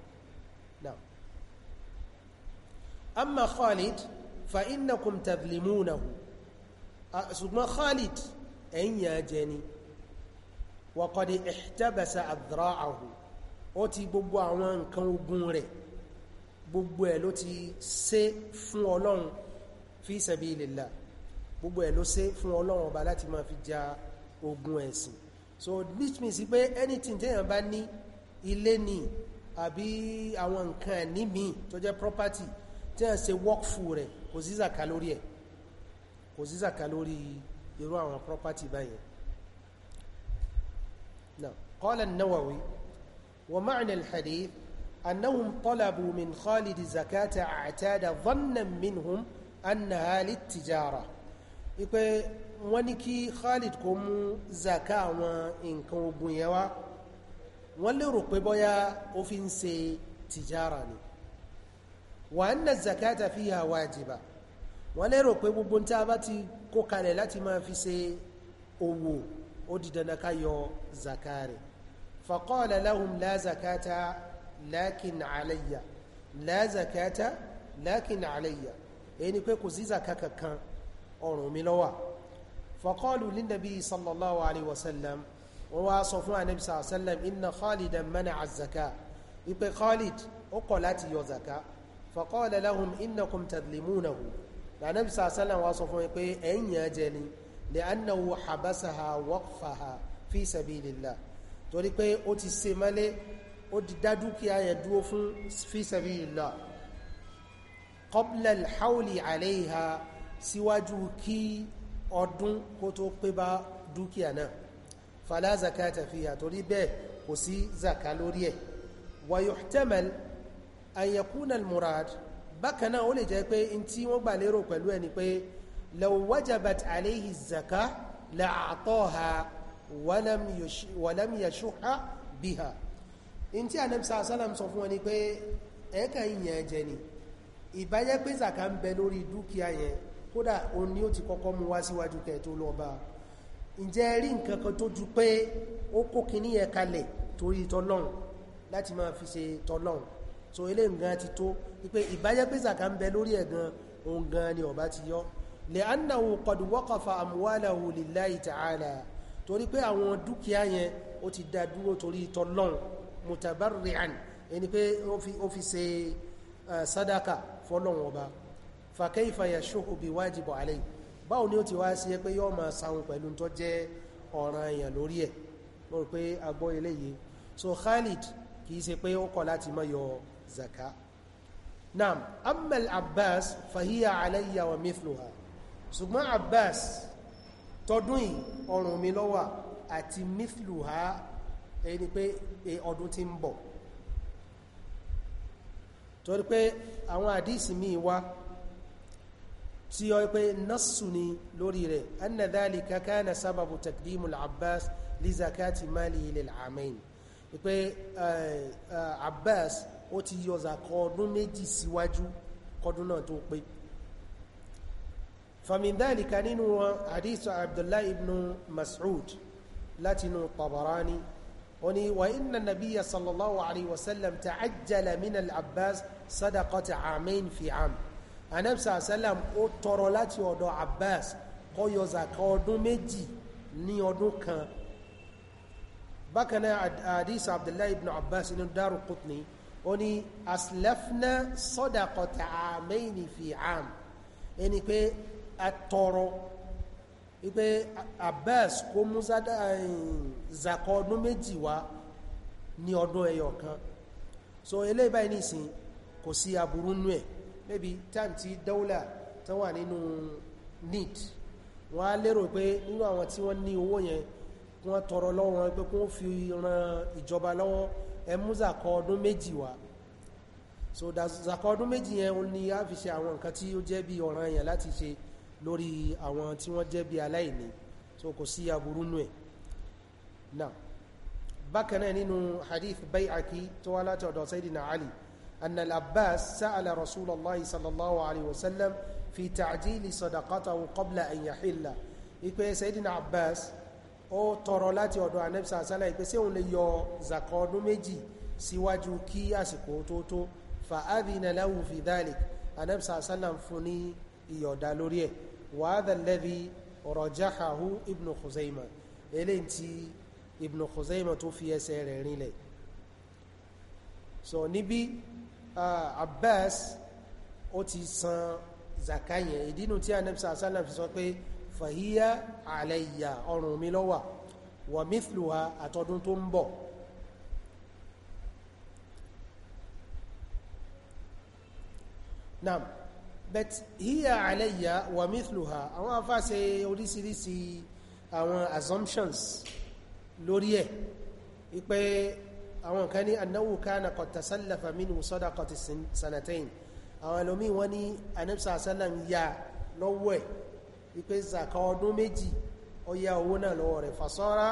náà amma Khalid fa innakum tadlimunahu ṣùgbọ́n Khalid ẹ̀yìn yà ni wa qad ihtabasa adra'ahu ó ti gbogbo àwọn nǹkan ogun rẹ̀ gbogbo ẹ̀ ló ti ṣe fún ọlọ́run fi sabilillah gbogbo ẹ̀ ló ṣe fún ọlọ́run ọba láti máa fi ja ogun ẹ̀sìn so which means pé anything téèyàn bá ní ilé ni àbí àwọn nǹkan ẹ̀ní mi tó jẹ́ property téèyàn ṣe work full rẹ̀ kò sí zaka lórí ẹ̀ kò sí zaka lórí irú àwọn property báyẹn now qala an-Nawawi wa ma'na al-hadith أنهم طلبوا من خالد زكاة أعتاد ظنا منهم أنها للتجارة ipe wọ́n ní kí Khalid kó mú zaka àwọn nǹkan ogun yẹn wá wọ́n lérò pé bọ́yá ó fi ń ṣe tìjára ni wa anna zakata fiha wajiba wọ́n lérò pé gbogbo tí a bá ti kó kalẹ̀ láti máa fi ṣe owó ó di dandan ká yọ zaka rẹ̀ faqala la zakata lakin alayya la zakata lakin alayya èyí ni pé kò sí zaka kankan ọrùn mi ló wà faqalu linnabi sallallahu alayhi wa sallam wọ́n wá sọ fún anabi sallallahu alayhi wa sallam inna khalidan mana'a zaka ipe khalid ó kọ̀ láti yọ zaka faqala lahum innakum tadlimunahu anabi sallallahu alayhi wa sallam wá sọ fún ni li'annahu habasaha waqfaha fi sabilillah torí pé ó ti ṣe mọ́lé ó ti dá dúkìá yẹn dúró fún fi sabilillah qabla al-hawli alayha síwájú kí ọdún kó tó pé bá dúkìá náà fala zakata fiha torí bẹ́ẹ̀ kò sí zaka lórí ẹ̀ wa yuhtamal an yakuna al-murad bákan náà ó lè jẹ́ pé in tí wọ́n gbà lérò pẹ̀lú ẹni pé law wajabat zaka la'ataha walam yashuha biha in tí anẹ́bísà sálàm sọ fún wọn ni pé ẹ̀ẹ́kà ìyàn ẹ̀jẹ̀ ni ìbájẹ́ pé zaka ń bẹ lórí dúkìá yẹn kódà o ní ó ti kọ́kọ́ mú wá síwájú kẹ tó lọ bá ǹjẹ́ rí nǹkan kan tó ju pé ó kó kíní yẹn kalẹ̀ torí tọlọ́run láti máa fi ṣe tọlọ́run so ilé nǹkan ti tó wípé ìbájẹ́ pé zaka ń bẹ lórí ẹ̀gan òun gan ni ọba ti yọ lè annahu qad waqafa amwalahu lillahi ta'ala torí pé àwọn dúkìá yẹn ó ti dá dúró torí tọlọ́run mutabarri'an ẹni pé ó fi ṣe sadaka fọ́lọ́wọ́n ọba fa kayfa yashuhu bi wajibu alayhi báwo ni ó ti wá sí ẹ pé yóò máa sáhun pẹ̀lú tó jẹ́ ọ̀ràn èèyàn lórí ẹ̀ mo rò pé a gbọ́ eléyìí so Khalid kìí ṣe pé ó kọ̀ láti má yọ zaka naam amal Abbas fahiya alayya wa mithluha ṣùgbọ́n Abbas tọdún ọrùn mi ló àti mithluha èyí ni pé e, ọdún tí ń bọ̀ torí pé àwọn àdísì míì wá tí ó pé násù ni lórí rẹ̀ anna dhalika kana sábàbù takdimu al-abbas li zakati mali lil amain pé e, e, abbas ó ti yọ zakọ ọdún méjì síwájú kọdún náà tó pé فمن ذلك ننوى حديث عبد الله بن مسعود لاتنو الطبراني wọ́n ní wà inna nabiyya sallallahu alayhi wa sallam ta'ajjala min al-abbas sadaqata amain fi am anabisa sallam ó tọrọ láti ọ̀dọ̀ abbas kó yọ zaka ọdún méjì ní ọdún kan bákanáà hadith abdullahi ibn abbas inú daru qutni ó ní aslafna sadaqata amain fi am ẹni pé a wípé Abbas kó mú eh, zakọ ọdún méjì wá ní ọdún ẹyọ kan so eléyìí báyìí nìsín kò sí aburú nú ẹ̀ maybe time tí dáúlà tán wà nínú need wọ́n á lérò pé nínú àwọn tí wọ́n ní owó yẹn wọ́n tọrọ lọ́wọ́ pé kún fi ran ìjọba lọ́wọ́ ẹ mú ọdún méjì wá so zakọ ọdún méjì yẹn ni a fi ṣe àwọn nǹkan tí ó jẹ́ bí ọ̀ranyàn láti ṣe lórí àwọn tí wọ́n jẹ́ bí aláìní so kò sí aburú nù ẹ̀ náà bákan náà nínú hadith bay'aki tó wá láti ọ̀dọ̀ sayyidina ali anna al-abbas sa'ala rasulallahi sallallahu alaihi wasallam fi ta'jili sadaqatahu qabla an yahilla ipe sayyidina abbas ó tọrọ láti ọ̀dọ̀ anabisa asala ipe ṣé òun lè yọ zakọ ọdún méjì síwájú kí àsìkò tó tó fa adina lahu fi dhalik anabisa asala fún ní ìyọ̀dá lórí ẹ̀ وهذا الذي رجحه ابن خزيمة إلينتي ابن خزيمة في سيرين لي so níbi uh, Abbas ó ti san zakayẹ ìdínú tí anẹ́bisa asálàm fi sọ pé fàhíyá àlẹ́yà ọrùn mi lọ́wà wà mithluha àtọdún tó ń bọ̀ náà but hiya alayya wa mithluha àwọn afá ṣe oríṣiríṣi àwọn assumptions lórí ẹ̀ wípé àwọn kan ní annahu kana qad tasallafa minhu sadaqati sanatayn àwọn ẹlòmí wọ́n ní anẹ́bsà sallam ya lọ́wọ́ ẹ̀ zaka ọdún méjì ó yá owó náà lọ́wọ́ fasara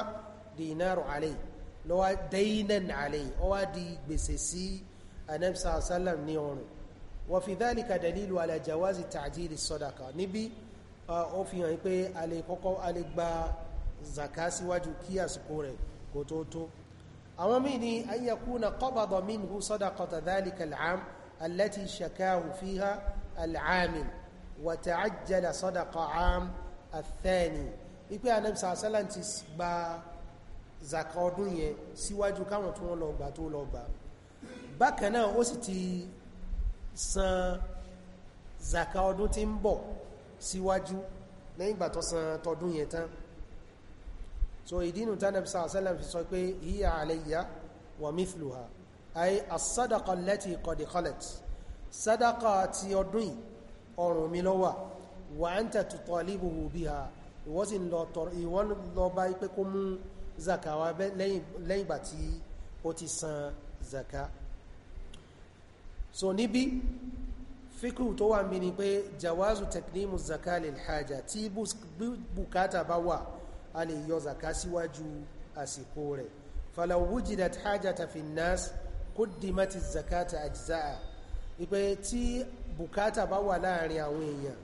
dinaru alayhi lọ́wọ́ dainan alayhi ó di gbèsè sí sallam ní ọrùn وفي ذلك دليل على جواز تعجيل الصدقة نبي ó fi hàn pé a lè kọ́kọ́ a lè gba zaka síwájú kí àsìkò rẹ̀ kò tó tó àwọn míì ni an yakuna qabada minhu sadaqata dhalika al'am allati shakahu fiha al'amil wa ta'ajjala sadaqa 'am athani ipe anam sàásálà ti gba zaka ọdún yẹn síwájú káwọn tó lọ gbà tó lọ gbà bákan náà ti san zaka ọdún tí ń bọ̀ síwájú lẹ́yìn ìgbà tó san tọdún yẹn tán so ìdínú tánàbí sàásẹ́lẹ̀ fi sọ pé hiya alayya wa mithluha ay as-sadaqa allati qad khalat sadaqa ti ọdún ọrùn mi ló wà wa anta tutalibuhu biha ìwọ́n sì lọ bá pé kó mú zaka wá lẹ́yìn ìgbà tí ó ti san zaka so níbi fíkù tó wà mí ni pé jawazu taknimu zaka lil hajja tí bùkátà bá wà a lè yọ zaka síwájú àsìkò rẹ̀ falaw wujidat hajjata fi nas kuddimati zakata ajza'a ipe tí bùkátà bá wà láàrin àwọn èèyàn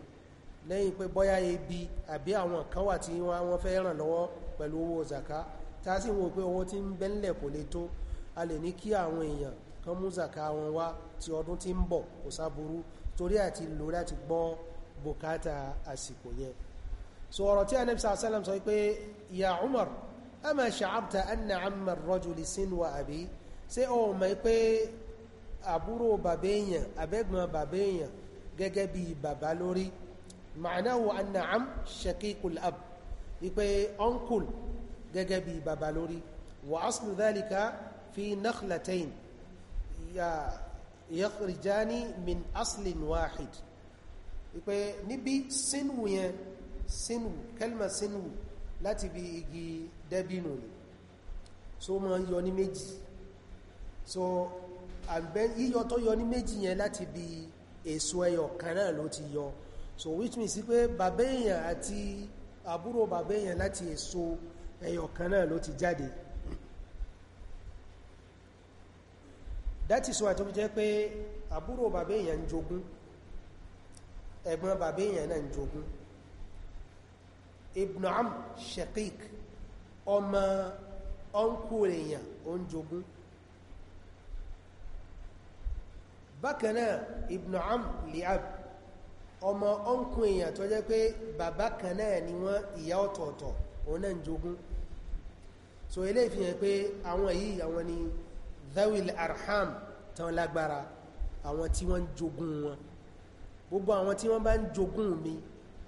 lẹ́yìn pé bọ́yá ebi àbí àwọn kan wà tí wọ́n fẹ́ ràn lọ́wọ́ pẹ̀lú owó zaka tá sì wọ́n pé owó tí ń bẹ́ńlẹ̀ kò lè tó a lè ní kí àwọn èèyàn kan mú zaka wọn wá ti ọdún tí ń bọ̀ kò sáburú torí àti lò láti gbọ́ bùkátà àsìkò yẹn so ọ̀rọ̀ tí anabi sallallahu alaihi wasallam sọ pé ya umar ama sha'abta anna amma ar-rajuli sinwa abi ṣé o mọ̀ pé àbúrò bàbá èèyàn abẹ́gbọ̀n bàbá èèyàn gẹ́gẹ́ bí bàbá lórí ma'nahu anna am shaqiqul ab ipe uncle gẹ́gẹ́ bí bàbá lórí wa aslu dhalika fi nakhlatain yakhrijani min aslin wahid ìpé níbi sínú yẹn sínú kẹlmà sínú láti bí igi dẹ́bìnù ni so ma yọ ní méjì so àbẹ́ yíyọ tó yọ ní méjì yẹn láti bí èso ẹyọ kan náà ti yọ so which means pé bàbá èèyàn àti àbúrò bàbá èèyàn láti èso ẹyọ kan náà ló ti jáde that is why tó fi jẹ́ pé àbúrò bàbá èèyàn ń jogún ẹ̀gbọ́n bàbá èèyàn náà ń jogún ibn am shaqiq ọmọ ọ̀nkú èèyàn ó ń jogún bákanáà ibn am liab ọmọ ọ̀nkú èèyàn tó jẹ́ pé bàbá kan ni wọ́n ìyá ọ̀tọ̀ọ̀tọ̀ òun náà ń so eléyìí fi hàn pé àwọn èyí àwọn ni dhawil arham tán lágbára àwọn tí wọ́n ń jogún wọn gbogbo àwọn tí wọ́n bá ń jogún mi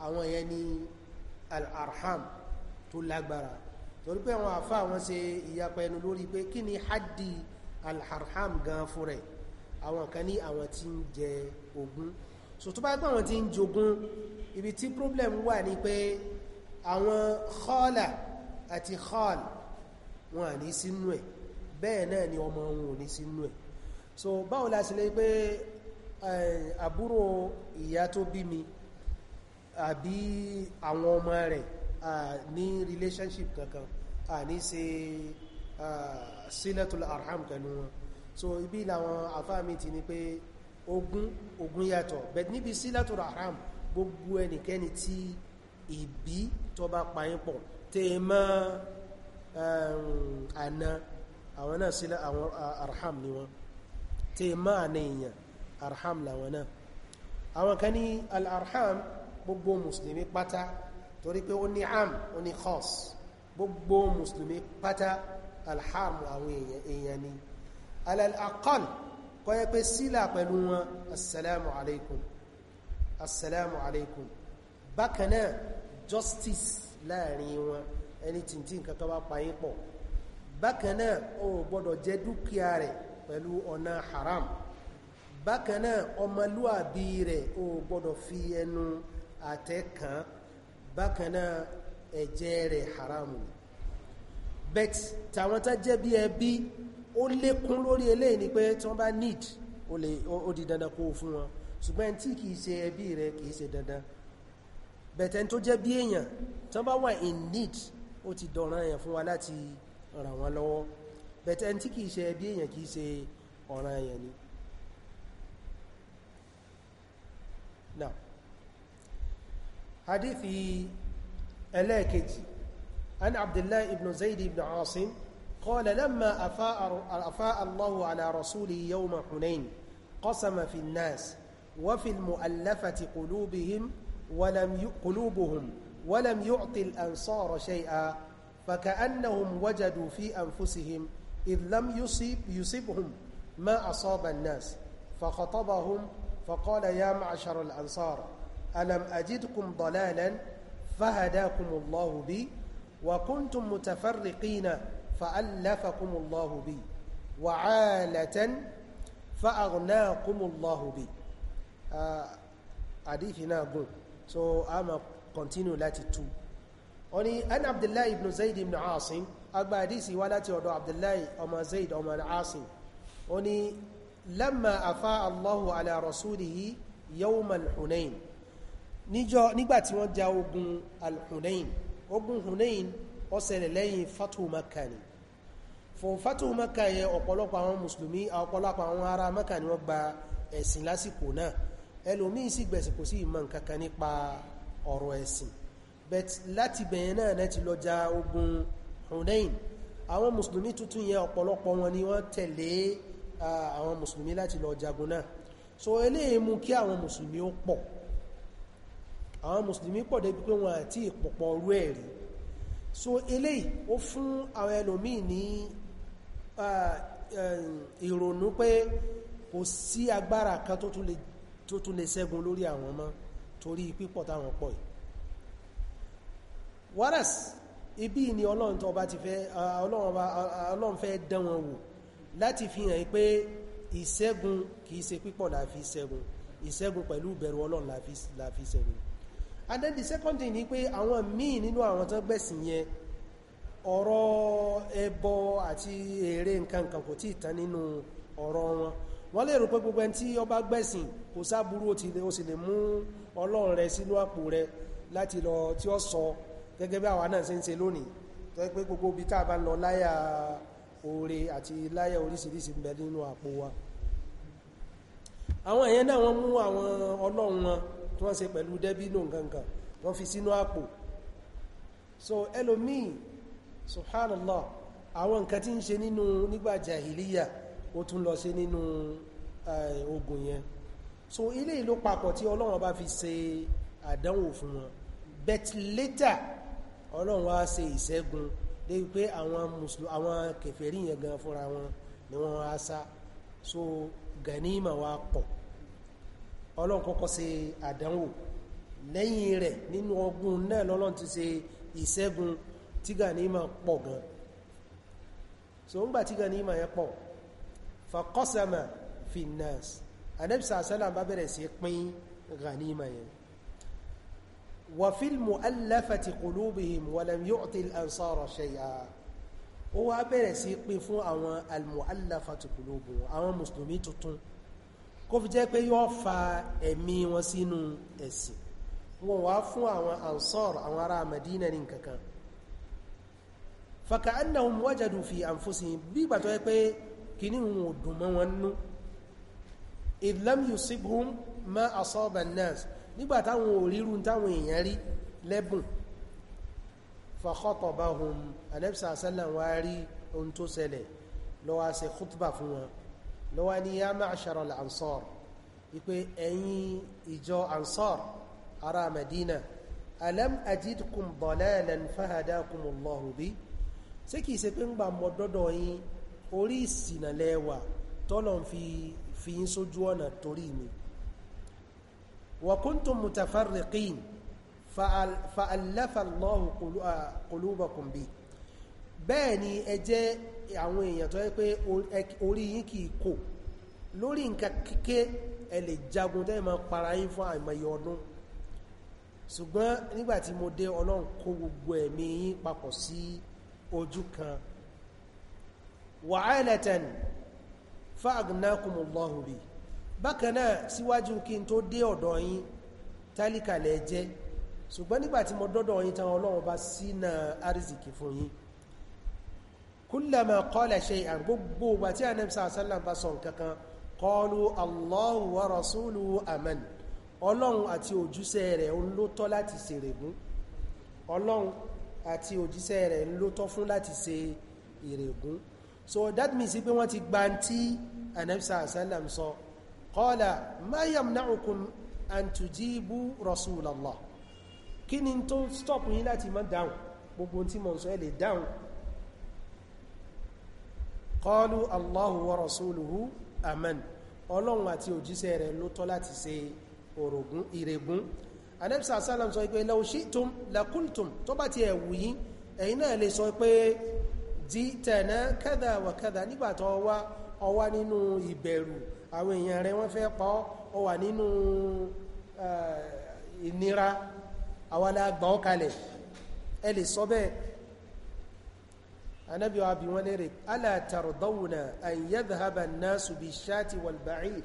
àwọn yẹn ni al-arham tó lágbára torí pé àwọn àfá àwọn ṣe ìyapa ẹnu lórí pé kí haddi al-arham gan fún rẹ̀ kan ní àwọn tí ń jẹ ogún so tó bá gbọ́ àwọn tí ń jogún ibi tí problem wà ní pé àwọn khala àti khal wọn à ní sínú ẹ̀ bẹ́ẹ̀ náà ni ọmọ òun ò ní sínú ẹ̀ so báwo la sì lè pé eh, àbúrò ìyá tó bí mi àbí àwọn ọmọ rẹ̀ ní relationship kankan àní se sílẹ̀tul arham pẹ̀lú wọn so ibi làwọn àfáàmì ti ni pé ogun ogun yàtọ̀ but níbi sílẹ̀tul arham gbogbo ẹnikẹ́ni tí ìbí tó bá payín pọ̀ tèèmọ́ àna um, àwọn náà sílẹ̀ àwọn arham ni wọn tí máa ní èèyàn arham làwọn náà àwọn kan ní al-arham gbogbo mùsùlùmí pátá torí pé ó ní am ó ní khas gbogbo mùsùlùmí pátá alham àwọn èèyàn ni al-aqal kò yẹ pé sílà pẹ̀lú wọn assalamu alaikum assalamu alaikum bákan justice láàrin wọn ẹni tìntìn kankan bá payín pọ̀ bákan náà o gbọ́dọ̀ jẹ dúkìá rẹ̀ pẹ̀lú ọ̀nà haram bákan náà ọmọlúàbí rẹ̀ o fi ẹnu kàn bákan náà ẹ̀jẹ̀ rẹ̀ haram ni bet tàwọn tá jẹ́ bí ẹbí ó lékún lórí eléyìí ni pé tí wọ́n bá need lè di dandan kó fún wọn ṣùgbọ́n tí kìí ṣe ẹbí rẹ̀ kìí ṣe dandan bẹ̀tẹ̀ tó jẹ́ bí èèyàn tí wọ́n bá wà in need ó ti dọ̀ràn èèyàn fún wa láti ràn wọ́n lọ́wọ́ bẹ̀tẹ̀ ẹni tí kìí ṣe ẹbí èèyàn kìí ṣe ọ̀ràn èèyàn ni now hadithi ẹlẹ́ẹ̀kejì an abdullahi ibn zaid ibn asim قال لما أفاء, أفاء الله على رسوله يوم حنين قسم في الناس وفي المؤلفة قلوبهم ولم قلوبهم ولم يعطي الأنصار فكأنهم وجدوا في أنفسهم إذ لم يصيب يصيبهم ما أصاب الناس فخطبهم فقال يا معشر الأنصار ألم أجدكم ضلالا فهداكم الله بي وكنتم متفرقين فألفكم الله بي وعالة فأغناكم الله بي آه، حديثنا uh, قل so I'm a continue latitude ó ní ana abdullahi ibn zaid ibn asim agba hadisi wá láti ọ̀dọ̀ abdullahi ọmọ zaid ọmọ asim ó ní lamma afa allahu ala rasulihi yawm al-hunain níjọ́ nígbà tí wọ́n ja ogun al-hunain ogun hunain ó ṣẹlẹ̀ lẹ́yìn fatu makka ni fún fatu maka yẹ ọ̀pọ̀lọpọ̀ àwọn mùsùlùmí ọ̀pọ̀lọpọ̀ àwọn ará maka ni wọ́n gba ẹ̀sìn lásìkò náà ẹlòmíì sì gbẹ̀sìn sí ìmọ̀ nǹkankan nípa ọ̀rọ̀ ẹ̀sìn Bet láti bẹ̀yẹn náà náà ti lọ ja ogun Hunain àwọn mùsùlùmí tuntun yẹn ọ̀pọ̀lọpọ̀ wọn ni wọ́n tẹ̀lé àwọn mùsùlùmí láti lọ jagun náà so eléyìí mú kí àwọn mùsùlùmí ó pọ̀ àwọn mùsùlùmí pọ̀ débi pé wọn àti ìpọ̀pọ̀ orú ẹ̀ so eléyìí ó fún àwọn ẹlòmíì ní ìrònú pé kò sí agbára kan tó tún lè ṣẹ́gun lórí àwọn ọmọ torí pípọ̀ táwọn pọ̀ yìí waras ibi ni ọlọ́run tó bá ti fẹ́ ọlọ́run fẹ́ dán wọn wò láti fi hàn pé ìṣẹ́gun kìí ṣe pípọ̀ la fi ṣẹ́gun ìṣẹ́gun pẹ̀lú bẹ̀rù ọlọ́run la fi ṣẹ́gun and then the second thing ni pé àwọn míì nínú àwọn tán gbẹ̀sìn yẹn ọ̀rọ̀ ẹbọ àti èrè nkankan kò tí ìtàn nínú ọ̀rọ̀ wọn wọ́n lè rò pé gbogbo ẹni tí ó bá gbẹ̀sìn kò sáburú ó sì lè mú ọlọ́run rẹ sínú àpò rẹ láti lọ tí ó sọ gẹ́gẹ́ bí àwa náà ṣe ń ṣe lónìí tó yẹ pé gbogbo ibi tá bá lọ láyà oore àti láyà oríṣiríṣi ń bẹ nínú àpò wa àwọn èèyàn náà wọ́n mú àwọn ọlọ́run wọn tí wọ́n ṣe pẹ̀lú dẹ́bínú nǹkankan wọ́n fi sínú àpò so ẹlòmíì subhanallah àwọn nǹkan tí ń ṣe nínú nígbà jahiliya ó tún lọ ṣe nínú eh, ogun yẹn so ilé ìlú papọ̀ tí ọlọ́run bá fi ṣe àdánwò fún wọn but later ọlọ́run wá ṣe ìṣẹ́gun débi pé àwọn mùsùlùmí àwọn kèfèrí yẹn gan fúnra wọn ni wọ́n wá sá so ganima wá pọ̀ ọlọ́run kọ́kọ́ ṣe àdánwò lẹ́yìn rẹ̀ nínú ogun náà lọ́lọ́run ti ṣe ìṣẹ́gun tí ganima pọ̀ gan so ń gbà tí ganima yẹn pọ̀ fàkọ́sàmà finnas anẹ́bìsà sálàm bá bẹ̀rẹ̀ sí pín ganima yẹn وفي المؤلفة قلوبهم ولم يعطي الأنصار شيئا ó wá bẹ̀rẹ̀ sí pín fún àwọn almu'allafati qulubun àwọn mùsùlùmí tuntun kó fi jẹ́ pé yóò fa ẹ̀mí wọn sínú ẹ̀sìn wọn wá fún àwọn ansar àwọn ará Madina ní kankan faka'annahum wajadu fi anfusihim bí ìgbà tó yẹ pé kìíní wọn ò dùn mọ́ wọn nú idh lam yusibhum ma asaba an-nas nígbà táwọn òríru táwọn èèyàn rí lẹ́bùn fa khatabahum anẹ́bìsà sẹ́lá wá rí ohun tó ṣẹlẹ̀ lọ́wọ́ ṣe khutba fún wọn lọ́wọ́ ní yá ma'shara al-ansar wípé ẹ̀yin ìjọ ansar ará Madina alam ajidkum dalalan fahadakum Allahu bi ṣé kìí ṣe pé ń gbà mọ́ dọ́dọ̀ yín orí ìsìnà lẹ́wà tọ́lọ̀ fi fi yín sójú ọ̀nà torí mi وكنتم متفرقين فألف الله قلوبكم به bẹ́ẹ̀ ni ẹ jẹ́ àwọn èèyàn tó yẹ pé orí yín kì í kò lórí nǹkan kíké ẹ lè jagun tẹ́ ma para yín fún àìmọye ọdún ṣùgbọ́n nígbàtí mo dé ọlọ́run kó gbogbo ẹ̀mí yín papọ̀ sí ojú kan wa'alatan fa'agnakumullahu bihi bákan náà síwájú kí n tó dé ọ̀dọ̀ yín tálíkà lẹ jẹ́ ṣùgbọ́n nígbà tí mo dọ́dọ̀ yín tán ọlọ́run bá ṣínà àrísìkí fún yín kullama qala shay'an gbogbo ìgbà tí ànábì sallam bá sọ nǹkankan qalu Allahu wa rasuluhu aman ọlọ́run àti òjúṣẹ́ rẹ̀ ń ló láti ṣe règún ọlọ́run àti òjúṣẹ́ rẹ̀ ń ló fún láti ṣe ìrègún so that means pé wọ́n ti gba tí ànábì sallam sọ so, قال ما يمنعكم أن تجيبوا رسول الله كن انتو ستوب هنا تمن داون ببنتي منسويل داون قالوا الله ورسوله أمن ọlọ́run àti òjíṣẹ́ rẹ̀ ló tọ́ láti ṣe òrògùn ìrègùn anẹ́bìsà sálàm sọ pé law shi'tum lakultum tó bá ti ẹ̀wù yí ẹ̀yin náà lè sọ pé jitana kadha wa kadha nígbàtọ̀ ọwá ọwá nínú ìbẹ̀rù àwọn èèyàn rẹ wọ́n fẹ́ pa ọ́ ọ wà nínú ìnira àwọn alágbà ọ́ ẹ lè sọ bẹ́ẹ̀ anábì bí wọ́n lérè ala tardawna an yadhhaba an-nasu bish-shati wal-ba'ir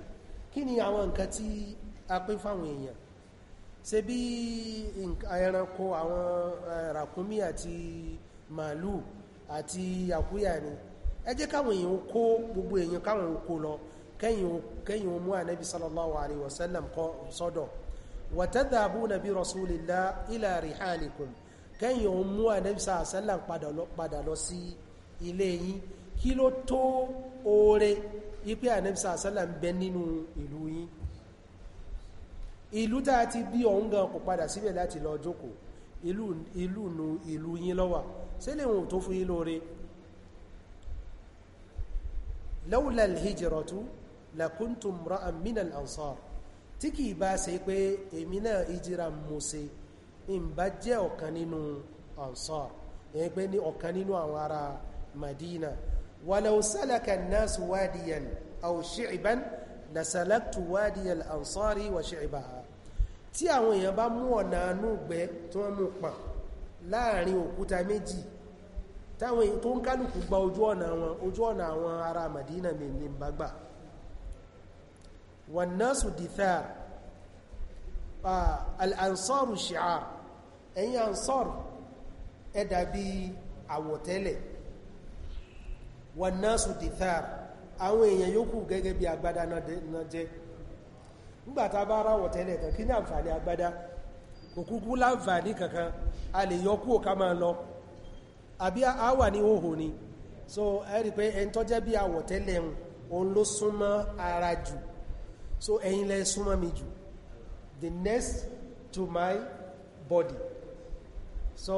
kí ni àwọn nǹkan tí a pín fáwọn èèyàn ṣe bí ẹranko àwọn ràkúnmí àti màálù àti àkúyà ni ẹ jẹ́ káwọn èèyàn kó gbogbo èèyàn káwọn kó lọ kẹ́yìn mú ànábi sallallahu alaihi wasallam kọ́ sọ́dọ̀ watadhabuna bi rasulillah ila rihalikum kẹ́yìn mú ànábi sallam padà lọ sí ilé yín kí ló tó oore ipé ànábi sallam bẹ nínú ìlú yín ìlú tá bí ọ̀hún gan kò padà lakuntum ra'an minal ansar tí kì í bá ṣe pé èmi náà ìjìra mo ṣe ìbá jẹ́ ọ̀kan nínú ansar èyí pé ní ọ̀kan nínú àwọn ará madina walau salaka an-nas wadiyan aw shi'ban la salaktu wadiya al-ansari wa shi'baha tí àwọn èèyàn bá mú ọ̀nà anú gbẹ́ tí wọ́n mú pàn láàrin òkúta méjì táwọn tó ń kálùkù gba ojú ọ̀nà àwọn ará madina mi ní gbàgbà والناس دثار الأنصار شعار أي أنصار أدبي àwọ̀tẹ́lẹ̀ wọ̀násù dìtàr àwọn èèyàn yóò kù gẹ́gẹ́ bí agbádá náà jẹ́ nígbàtà bá ara wọ̀tẹ́lẹ̀ kan kí ní àǹfààní agbádá òkúkú láǹfààní kankan a lè yọ kúrò ká máa lọ àbí a ní òhò ni so ẹ rí pé ẹni tó jẹ́ bí àwọ̀tẹ́lẹ̀ òun ló súnmọ́ ara jù so ẹ̀yin lẹ súnmọ́ mi jù the next to my body so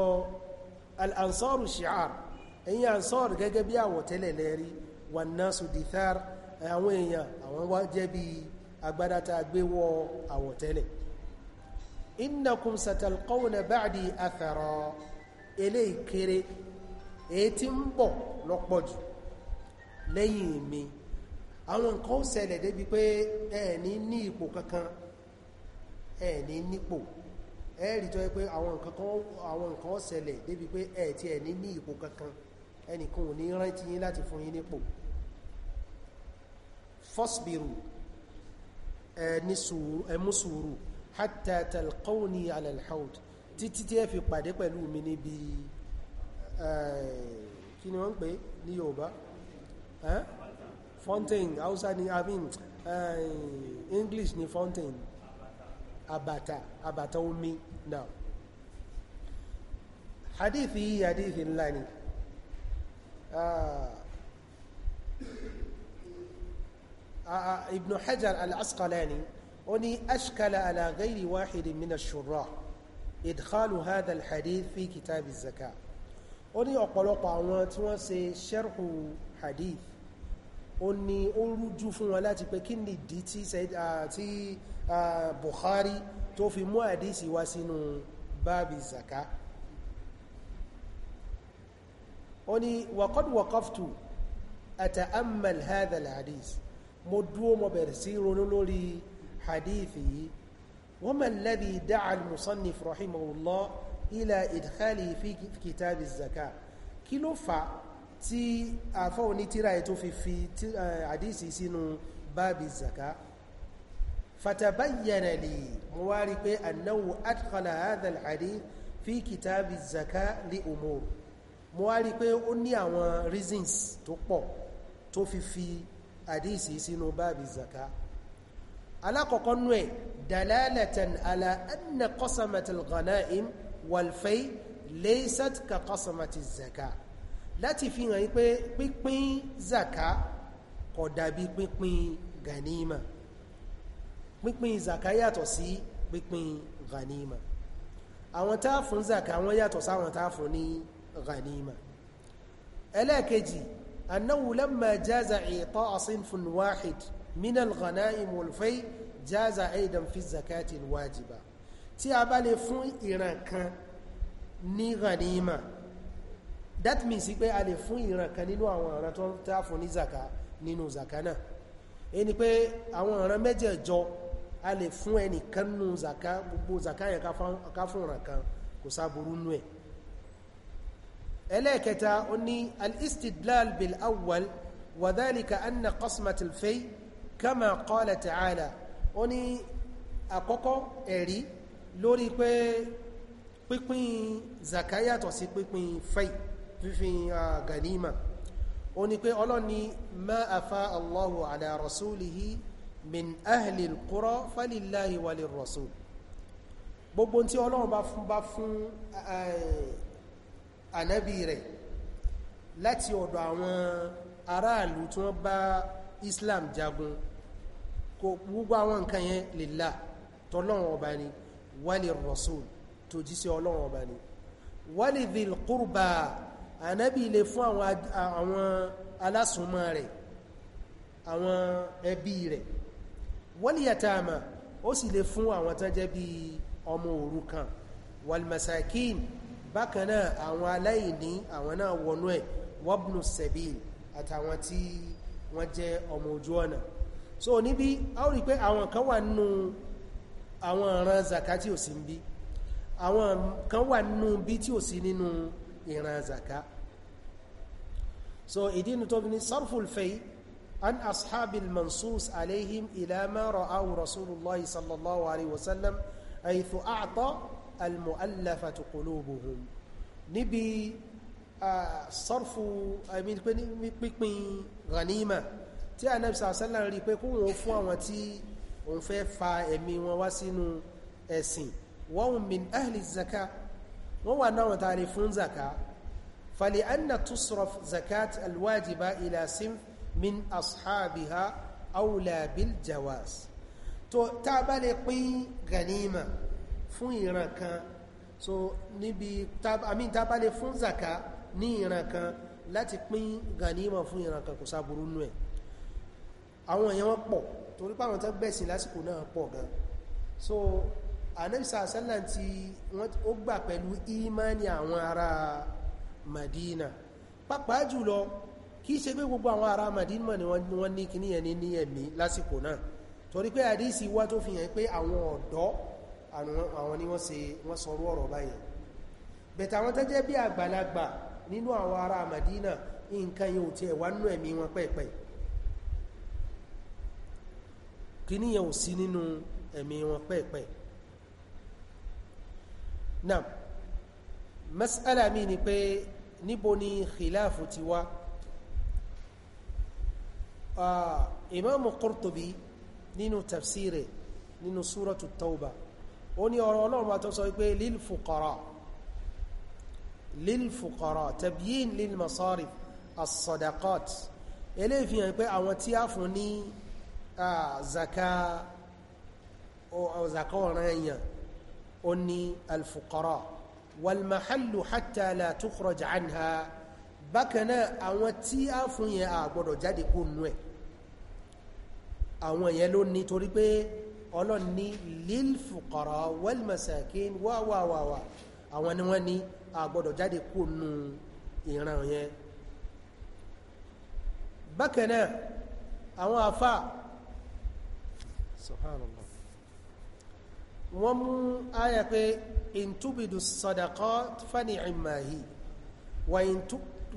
al-ansaru shi'ar ẹ̀yin ansar gẹ́gẹ́ bí àwọ̀tẹ́lẹ̀ lẹ́rí wan-nasu dithar àwọn èèyàn àwọn wá jẹ́ bí agbádátà gbéwọ́ àwọ̀tẹ́lẹ̀ innakum satalqawna ba'di athara eléyìí kéré èyí tí ń bọ̀ lọ́pọ̀ jù lẹ́yìn mi àwọn nǹkan ó ṣẹlẹ̀ débi pé ẹ̀ẹ̀ni ní ipò kankan ẹ̀ẹ̀ni nípò ẹ̀ẹ̀rí tó yẹ pé àwọn nǹkan kan ó ṣẹlẹ̀ débi pé ẹ̀ẹ̀tí ẹ̀ẹ̀ni ní ipò kankan ẹnìkan ò ní rántí yín láti fún yín nípò fasbiru ẹni sùúrù ẹmú sùúrù hatta talqawni ala al-hawd títí tí ẹ fi pàdé pẹ̀lú mi níbi kí ni wọ́n pè ní Yorùbá ẹ́ fountain hausa ni i mean uh, english ni fountain abata abata omi now hadith yìí hadith ńlá ni ah, ah, ah, ibn hajar al-asqalani ó ní ashkala ala ghairi wahidin min ash-shurah idkhalu hadha al-hadith fi kitab az-zakah ó ọ̀pọ̀lọpọ̀ àwọn tí wọ́n ṣe sharhu hadith ó ní ó rújú fún wọn láti pé kí ni ìdí tí Bukhari tó fi mú àdísì wá sínú báàbì zaka ó ní waqad waqaftu ata'ammal hadha al mo dúó mo bẹ̀rẹ̀ sí ronú lórí hadith yìí وما الذي دعا المصنف رحمه الله إلى إدخاله في كتاب الزكاة كيلو فا tí àfọ́ onítírà ẹ̀ tó fi fi àdísì sínú báàbí zaka fatabayyana li mo wá rí pé annahu adkhala hadha al-hadith fi kitabi zaka li umur mo wá rí pé ó ní àwọn reasons tó pọ̀ tó fi àdísì sínú báàbí zaka alákọ̀ọ́kọ́ nú ẹ̀ dalalatan ala anna ghanaim wal laysat ka qasamatiz zaka láti fi hàn pé pínpín zaka kò dàbí pínpín ganima pínpín zaka yàtọ̀ sí pínpín ganima àwọn tá fún zaka wọ́n yàtọ̀ sáwọn tá fún ní ganima ẹlẹ́ẹ̀kejì أنه لما جاز إعطاء صنف واحد من الغنائم والفي جاز أيضا في الزكاة الواجبة tí a bá lè fún ìran kan ní ghanima that means pé a lè fún ìran kan nínú àwọn ọ̀ràn tó ń tá fún ní zaka nínú zaka náà èyí ni pé àwọn ọ̀ràn mẹ́jẹ̀ẹ̀jọ a lè fún ẹnìkan nínú zaka gbogbo zaka yẹn ká fún ìran kan kò sáburú nú ẹ̀ ẹlẹ́ẹ̀kẹta ó ní al-istidlal bil awwal wa dhalika anna qasmatul fay kama qala ta'ala ó ní àkọ́kọ́ ẹ̀rí lórí pé pínpín zaka yàtọ̀ sí fay' fífin ganima ó ní pé ọlọ́ni ma afa allahu ala rasulihi min ahli alqura falillahi walir rasul gbogbo tí ọlọ́run bá fún bá fún ànábì rẹ̀ láti ọ̀dọ̀ àwọn aráàlú tí wọ́n bá islam jagun kò gbogbo àwọn nǹkan yẹn lillah tọ́lọ́run ọba ni walir rasul tó jíṣẹ́ ọlọ́run ọba ni walidhil qurba ànábì lè fún àwọn alásùnmọ́ rẹ̀ àwọn ẹbí rẹ̀ wal yatama ó sì lè fún àwọn tán jẹ́ bí ọmọ òrukàn wal masakin bákan náà àwọn aláìní àwọn náà wọnú ẹ̀ wabnu sabil àtàwọn tí wọ́n jẹ́ ọmọ ojú ọ̀nà so níbi a ó rí pé àwọn kan wà nínú àwọn ìran zaka tí ò sí ń bí àwọn kan wà nínú bí tí ò sí nínú ìran zaka so ìdínú tó bí ní sarful fay an ashabil mansus alayhim ila ma ra'ahu rasulullahi sallallahu alaihi wasallam haythu a'ta almu'allafatu qulubuhum níbi sarfu amin pínpín ghanima tí Ànábì sallallahu rí pé kúrò fún àwọn tí òun fẹ́ fa ẹ̀mí wọn wá sínú ẹ̀sìn wọ́n min ahli zaka wọ́n wà náà tààrí fún zaka فلأن تصرف زكاة الواجبة إلى صنف من أصحابها أولى بالجواز tá bá lè pín ganima fún so níbi àmì tá bá lè fún zaka ní ìran kan láti pín ganima fún ìran kan kò sáburú nú ẹ̀ àwọn èèyàn wọ́n pọ̀ torí pàwọn tán gbẹ̀sìn lásìkò náà pọ̀ gan so anẹ́bìsà sẹ́lẹ̀ tí wọ́n ó gbà pẹ̀lú ìmánì àwọn ará Madina pàápàá jùlọ kìí ṣe pé gbogbo àwọn ará Madina ni wọ́n ní kí ní ẹni ní ẹ̀mí lásìkò náà torí pé àdísì wá tó fi hàn pé àwọn ọ̀dọ́ àwọn ni wọ́n ṣe wọ́n sọrú ọ̀rọ̀ báyìí bẹ̀tà àwọn tẹ́jẹ́ bí àgbàlagbà nínú àwọn ará Madina nǹkan yóò ti ẹ̀wà nínú ẹ̀mí wọn pẹ̀pẹ̀ kí ní yẹn ò sí nínú ẹ̀mí wọn pẹ̀pẹ̀ náà mas'ala mi ni pé níbo ni khilafu ti wá imaamu qurtubi nínú tafsire nínú suratu tauba ó ní ọ̀rọ̀ ọlọ́run bá tó sọ wípé lílfùkọ́rọ̀ lílfùkọ́rọ̀ tabyin lílmasarif as-sadaqat eléyìí fi hàn pé àwọn tí a fún ní zaka ọ̀ràn ó ní alfùkọ́rọ̀ wàlmàhálù hátàlá tó kọrọjà ánìhà bákanáà àwọn tí a fún yẹn a gbọ́dọ̀ jáde kó nú ẹ̀ àwọn yẹn ló ní torí pé ọlọ́n ní lílfùkọ̀rọ̀ wàlmàsàkín wàwàwàwà àwọn ni wọ́n ní a jáde kó nú ìran yẹn bákanáà àwọn àfáà wọ́n mú ayà pé ìntúbìdù sọ̀dàkọ́ fani ìmáhì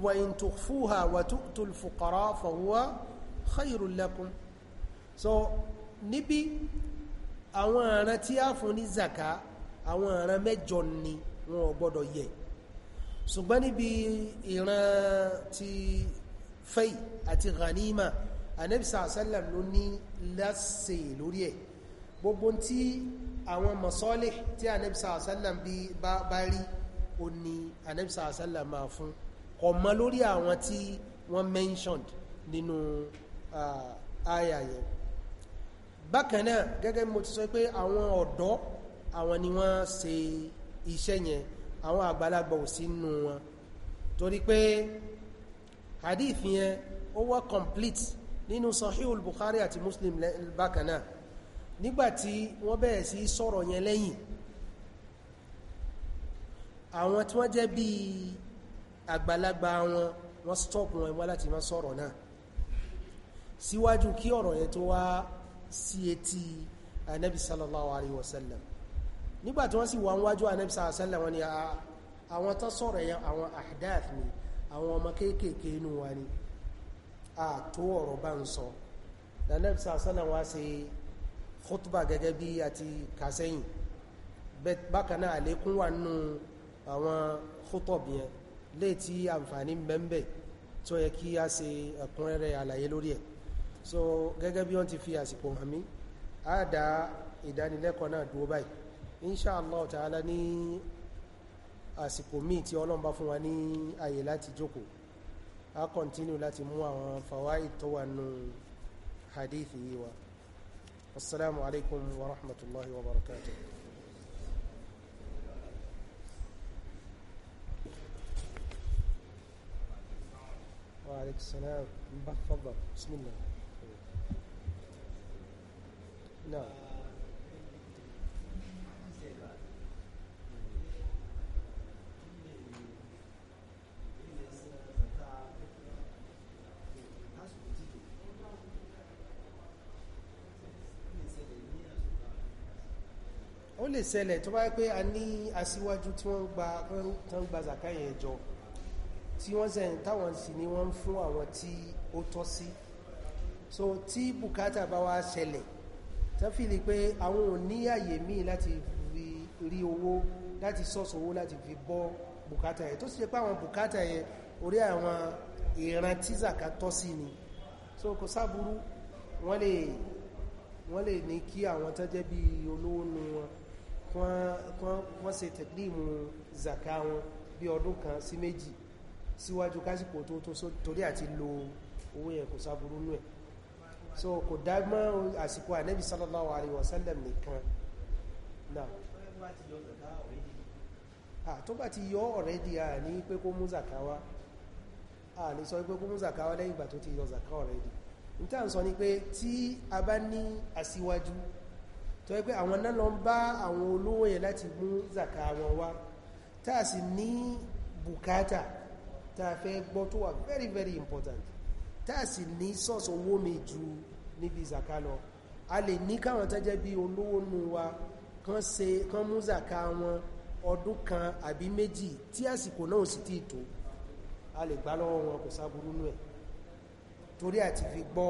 wà ìntùfúhà wà tùlfùkọ̀rọ̀ fọ̀wọ́ khayrun lakum so níbi àwọn ọ̀ràn tí a fún ní zaka àwọn ọ̀ràn mẹ́jọ ni wọn ò gbọ́dọ̀ yẹ̀ ṣùgbọ́n níbi ìran ti fẹ́ì àti ghanima anẹ́bìsà àṣẹ́lẹ̀ ló ní lásẹ̀ lórí ẹ̀ gbogbo tí àwọn mọ̀sọ́lẹ̀ tí anẹ́bisa àṣálàm bí bá rí o ní anẹ́bisa àṣálàm máa fún ọmọ lórí àwọn tí wọ́n mentioned nínú àyà yẹn bákanáà gẹ́gẹ́ mo ti sọ pé àwọn ọ̀dọ́ àwọn ni wọ́n ṣe iṣẹ́ yẹn àwọn àgbàlagbà ò sí nínú wọn torí pé hadith yẹn ó wá complete nínú sahihul Bukhari àti Muslim bákanáà nígbàtí wọ́n bẹ̀rẹ̀ sí sọ̀rọ̀ yẹn lẹ́yìn àwọn tí wọ́n jẹ́ bí àgbàlagbà wọn wọ́n stop wọn wá láti má sọ̀rọ̀ náà síwájú kí ọ̀rọ̀ yẹn tó wá sí etí anabi sallallahu alaihi wasallam nígbàtí wọ́n sì wà níwájú anabi sallallahu alaihi wasallam ah, ń sọ khutba gẹ́gẹ́ bí àti kàsẹ́yìn bákan náà àlékún wà nínú àwọn khutba yẹn léètí àǹfààní mbẹ́mbẹ́ tó yẹ kí a ṣe ẹ̀kúnrẹ́rẹ́ àlàyé lórí ẹ̀ so gẹ́gẹ́ bi wọ́n ti fi àsìkò hàn mí á dá ìdánilẹ́kọ̀ọ́ náà dúró báyìí inṣàlá ta'ala ní àsìkò míì tí Ọlọ́run bá fún wa ní àyè láti jókòó a kọ̀ntínú láti mú àwọn fàwáì tó wà hadithi yìí wa. والسلام عليكم ورحمة الله وبركاته وعليك السلام تفضل بسم الله طيب. نعم ó lè ṣẹlẹ̀ tó bá yẹ pé a ní aṣíwájú tí wọ́n gba tán gba zaka jọ tí wọ́n sẹ̀ táwọn sì ni wọ́n ń fún àwọn tí ó tọ́ sí so tí bùkátà bá wá ṣẹlẹ̀ tó fi lè pé àwọn ò ní àyè míì láti rí owó láti sọ́sọ̀ owó láti fi bọ́ bùkátà yẹn tó sì pé àwọn bùkátà yẹn orí àwọn ìran tí zaka tọ́ sí ni so kò sáburú wọ́n lè wọ́n lè ní kí àwọn tó jẹ́ bí olówó nu wọn wọ́n ṣe tẹ̀kílìmù zaka wọn bí ọdún kan sí méjì síwájú kásìkò tó tó torí àti lo owó yẹn kò sáburú nú ẹ̀ so kò dágbọ́n àsìkò ànẹ́bí sallallahu alaihi wasallam nìkan náà tó bá ti yọ ọ̀rẹ́dì à ní pé kó mú zakawa à ní sọ pé kó mú zakawa lẹ́yìn ìgbà tó ti yọ zakawa ọ̀rẹ́dì ní tàà ń sọ ni pé tí a bá ní asíwájú tó yẹ pé àwọn náà lọ ń bá àwọn olówó yẹn láti mú zaka wọn wá tá sì ní bùkátà tá fẹ́ gbọ́ tó wà very very important tá a sì ní source owó mi ju níbi zaka lọ a lè ní káwọn tó jẹ́ bí olówó nù wa kán ṣe kán mú zaka wọn ọdún kan àbí méjì tí àsìkò náà sì ti tó a lè gbá lọ́wọ́ wọn kò sáburú nù ẹ̀ torí àti fi gbọ́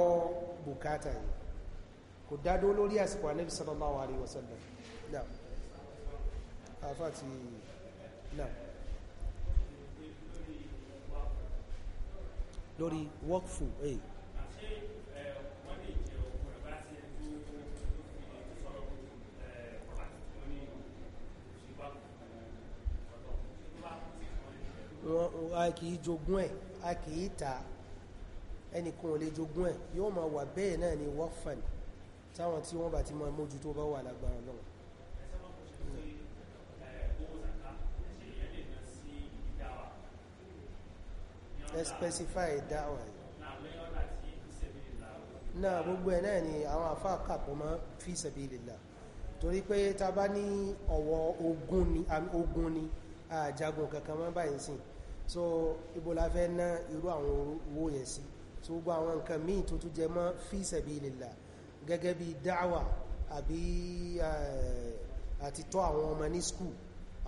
bùkátà yìí kò dádó lórí àsìkò ànábì sallallahu alaihi wasallam náà àfà ti náà lórí wọ́kfù ẹ̀ a kìí jogún ẹ̀ a kìí ta ẹnìkan ò lè jogún ẹ̀ yóò máa wà bẹ́ẹ̀ náà ni work ẹ̀ táwọn tí wọ́n bá ti máa mójú tó bá wà lágbára náà ẹ specify dáwà yìí náà gbogbo ẹ̀ náà ni àwọn àfáà kàpọ̀ mọ́ fi sabilillah torí pé ta bá ní ọ̀wọ́ ogun ni àjagun kankan mọ́ báyìí sìn so ibo la fẹ́ ná irú àwọn owó yẹn sí so gbogbo àwọn nǹkan míì tó tún jẹ mọ́ fi sabilillah gẹ́gẹ́ bí dáwà àbí eh, àti tọ́ àwọn ọmọ ní skul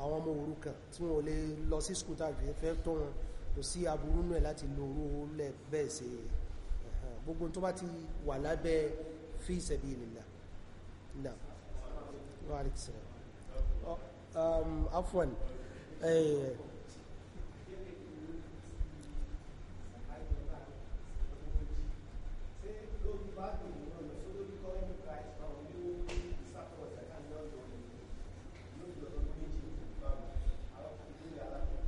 àwọn ọmọ òrukàn tí wọ́n lè lọ sí skul tàbí fẹ́ tọ́ wọn kò sí aburú náà láti lo orú lẹ̀ bẹ́ẹ̀ ṣe gbogbo tó bá ti wà lábẹ́ fi sabilillah náà um, afwan Thank you.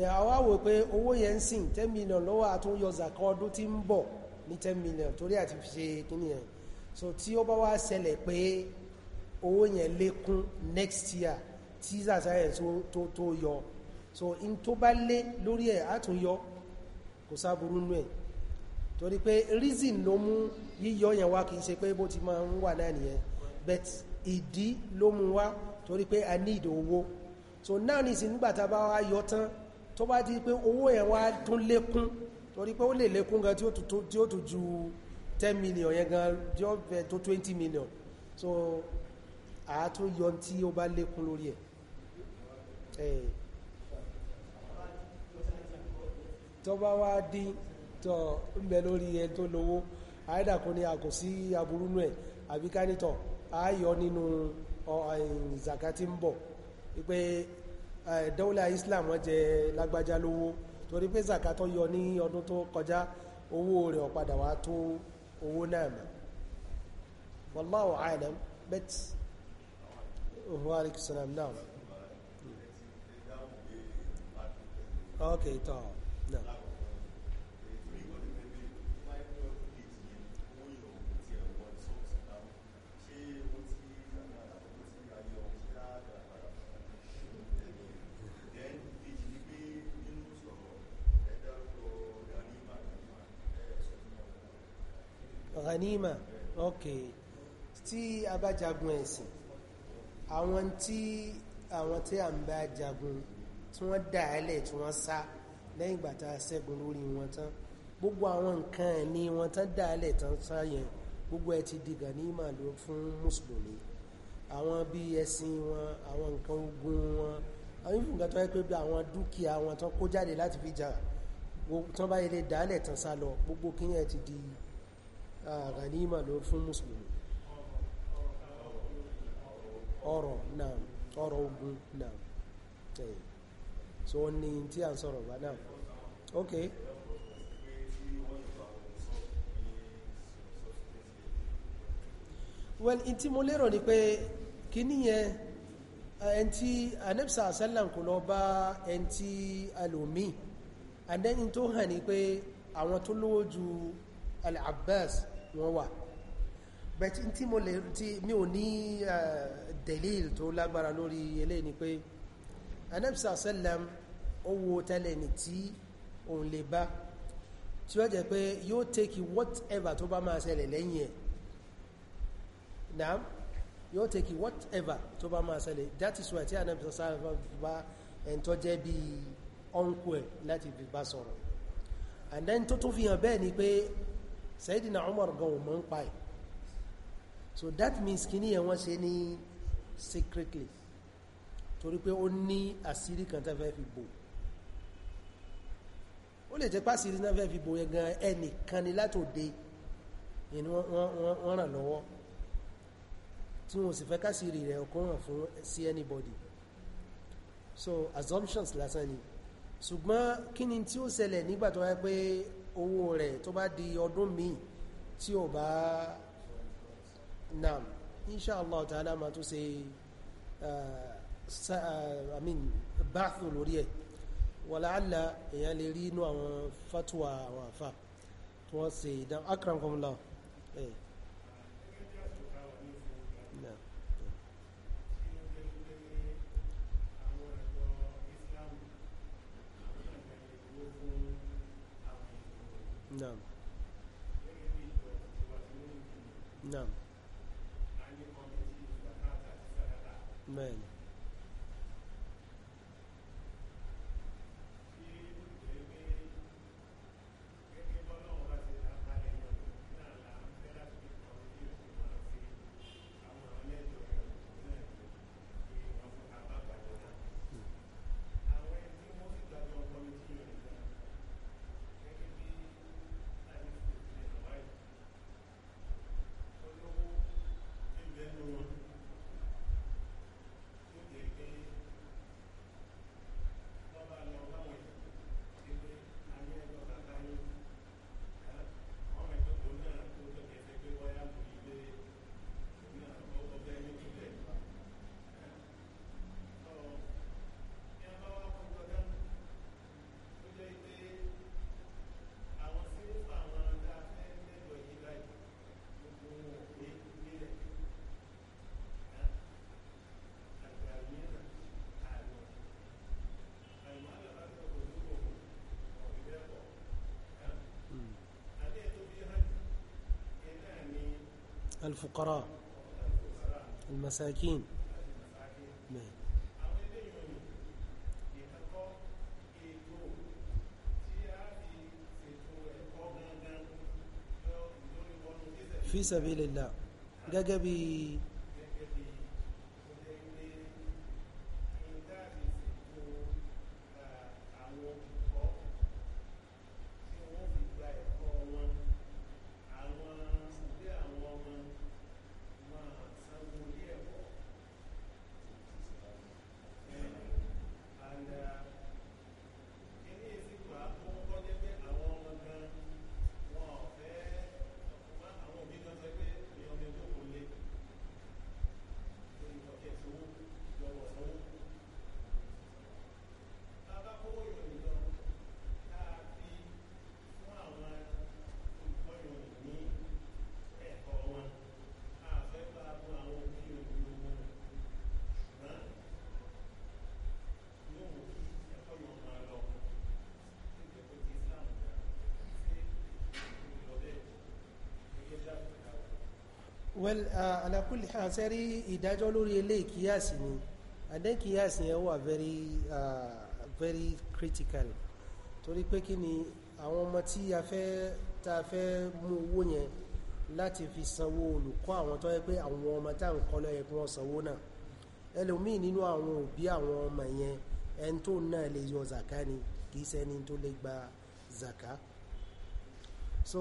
then àwa wò pé owó yẹn ń sìn ten million lọ́wọ́ àtúnyọ zàkọ́ ọdún tí ń bọ̀ ní ten million torí àti fi ṣe kíní yẹn so tí ó bá wá ṣẹlẹ̀ pé owó yẹn lékún next year tí zàzà yẹn tó tó yọ so in tó bá lé lórí ẹ̀ e àtúnyọ kò sáburú nú ẹ̀ e. torí pé reason ló mú yíyọ yẹn wá kì í ṣe pé bó ti máa ń wà náà nìyẹn but ìdí ló mú wá torí pé I need owó so now nìsín nígbà tá a bá wá yọ tó bá ti pé owó yẹn wá tún lékún torí pé ó lè lékún gan tí ó tún ju 10 million yẹn gan tí ó fẹ́ tó 20 million so àátún yọ tí ó bá lékún lórí ẹ̀ eh. tó bá wá dín tọ́ ń bẹ lórí ẹ tó lówó àìdàkún ni a kò sí aburú ẹ̀ àbí ká nítọ̀ ààyọ nínú ọ̀hìn ìzàkà tí ń bọ̀ Eh, dawla islam wọ́n jẹ lágbájá lówó torí pé zakato yọ ní ọdún tó kọjá owó rẹ̀ ọ̀padà wá tó owó náà mọ̀ wallahu a'lam bet oh, wa alaikum salam naam okay tọ́ náà ghanima ok tí a bá jagun ẹ̀sìn àwọn tí àwọn tí a ń bá jagun tí wọ́n dà ẹlẹ̀ tí wọ́n sá lẹ́yìn ìgbà tá a ṣẹ́gun lórí wọn tán gbogbo àwọn nǹkan ní wọn tán dà ẹlẹ̀ tán sá yẹn gbogbo ẹ ti di ghanima ló fún mùsùlùmí àwọn bí ẹṣin wọn àwọn nǹkan ogun wọn àwọn ìfúnkan tó yẹ pé bí àwọn dúkìá wọn tán kó jáde láti fi jà tán bá yẹ lè dà ẹlẹ̀ tán sá lọ gbogbo kíyàn ti di Ah, ghanima ló fún mùsùlùmí náà ọ̀rọ̀ ogun náà tẹ̀yìn eh, so ní tí a ń sọ̀rọ̀ bá náà ok well in tí mo lérò ni pé kí níyẹn ẹn tí anẹ́bsà sẹ́lẹ̀ kò lọ bá ẹn tí alòmí and then in tó hàn ni pé àwọn tó lówó ju al-abbas wọ́n wà but tí mo lè tí mi ò ní delil tó lágbára lórí eléyìí ni pé anabisa sallam ó wo tẹ́lẹ̀ ní tí òun lè bá tí ó jẹ́ pé yóò take whatever tó bá máa ṣẹlẹ̀ lẹ́yìn ẹ̀ náà yóò take whatever tó bá máa ṣẹlẹ̀ that is why tí anabisa sallam bá ẹ̀ntọ́ jẹ́ bí uncle láti fi bá sọ̀rọ̀ and then tó tún fi hàn bẹ́ẹ̀ ni pé Sayyidina Umar gan mọ́ ń pa ẹ̀ so that means kini ní ẹ̀ ṣe ní secretly torí pé ó ní àṣírí kan tẹ́ fẹ́ fi bò ó lè jẹ́ pàṣírí náà fẹ́ fi bò yẹn gan ẹnìkan ni látòde yẹn ni wọ́n ràn lọ́wọ́ tí wọ́n sì fẹ́ káṣírí rẹ̀ ọkùnrin fún sí anybody so assumptions lásán ni ṣùgbọ́n kí ni tí ó ṣẹlẹ̀ nígbà tó wáyé pé owó rẹ̀ tó bá di ọdún míì tí ò bá nam inshallah ta'ala ma tó ṣe eh, eh, i mean báàfù lórí ẹ̀ wàláàlá èyàn lè rí inú àwọn fatuwa àwọn àfà tí wọ́n ṣe ìdán akram kọmọlá eh. ẹ̀ نعم نعم بين الفقراء المساكين في سبيل الله جاجبي well uh, ala kulli hal sẹ́rí ìdájọ́ lórí ilé ìkíyàsí ni adé kíyàsí yẹn wà very uh, very critical torí pé kí ni àwọn ọmọ tí a fẹ́ ta fẹ́ mú owó yẹn láti fi sanwó olùkọ́ àwọn tó yẹ pé àwọn ọmọ tá à ń kọ́ ló yẹ kí wọ́n sanwó náà ẹlòmíì nínú àwọn òbí àwọn ọmọ yẹn ẹni tó náà lè yọ zàká ni kìí ṣẹni tó lè gba zàká so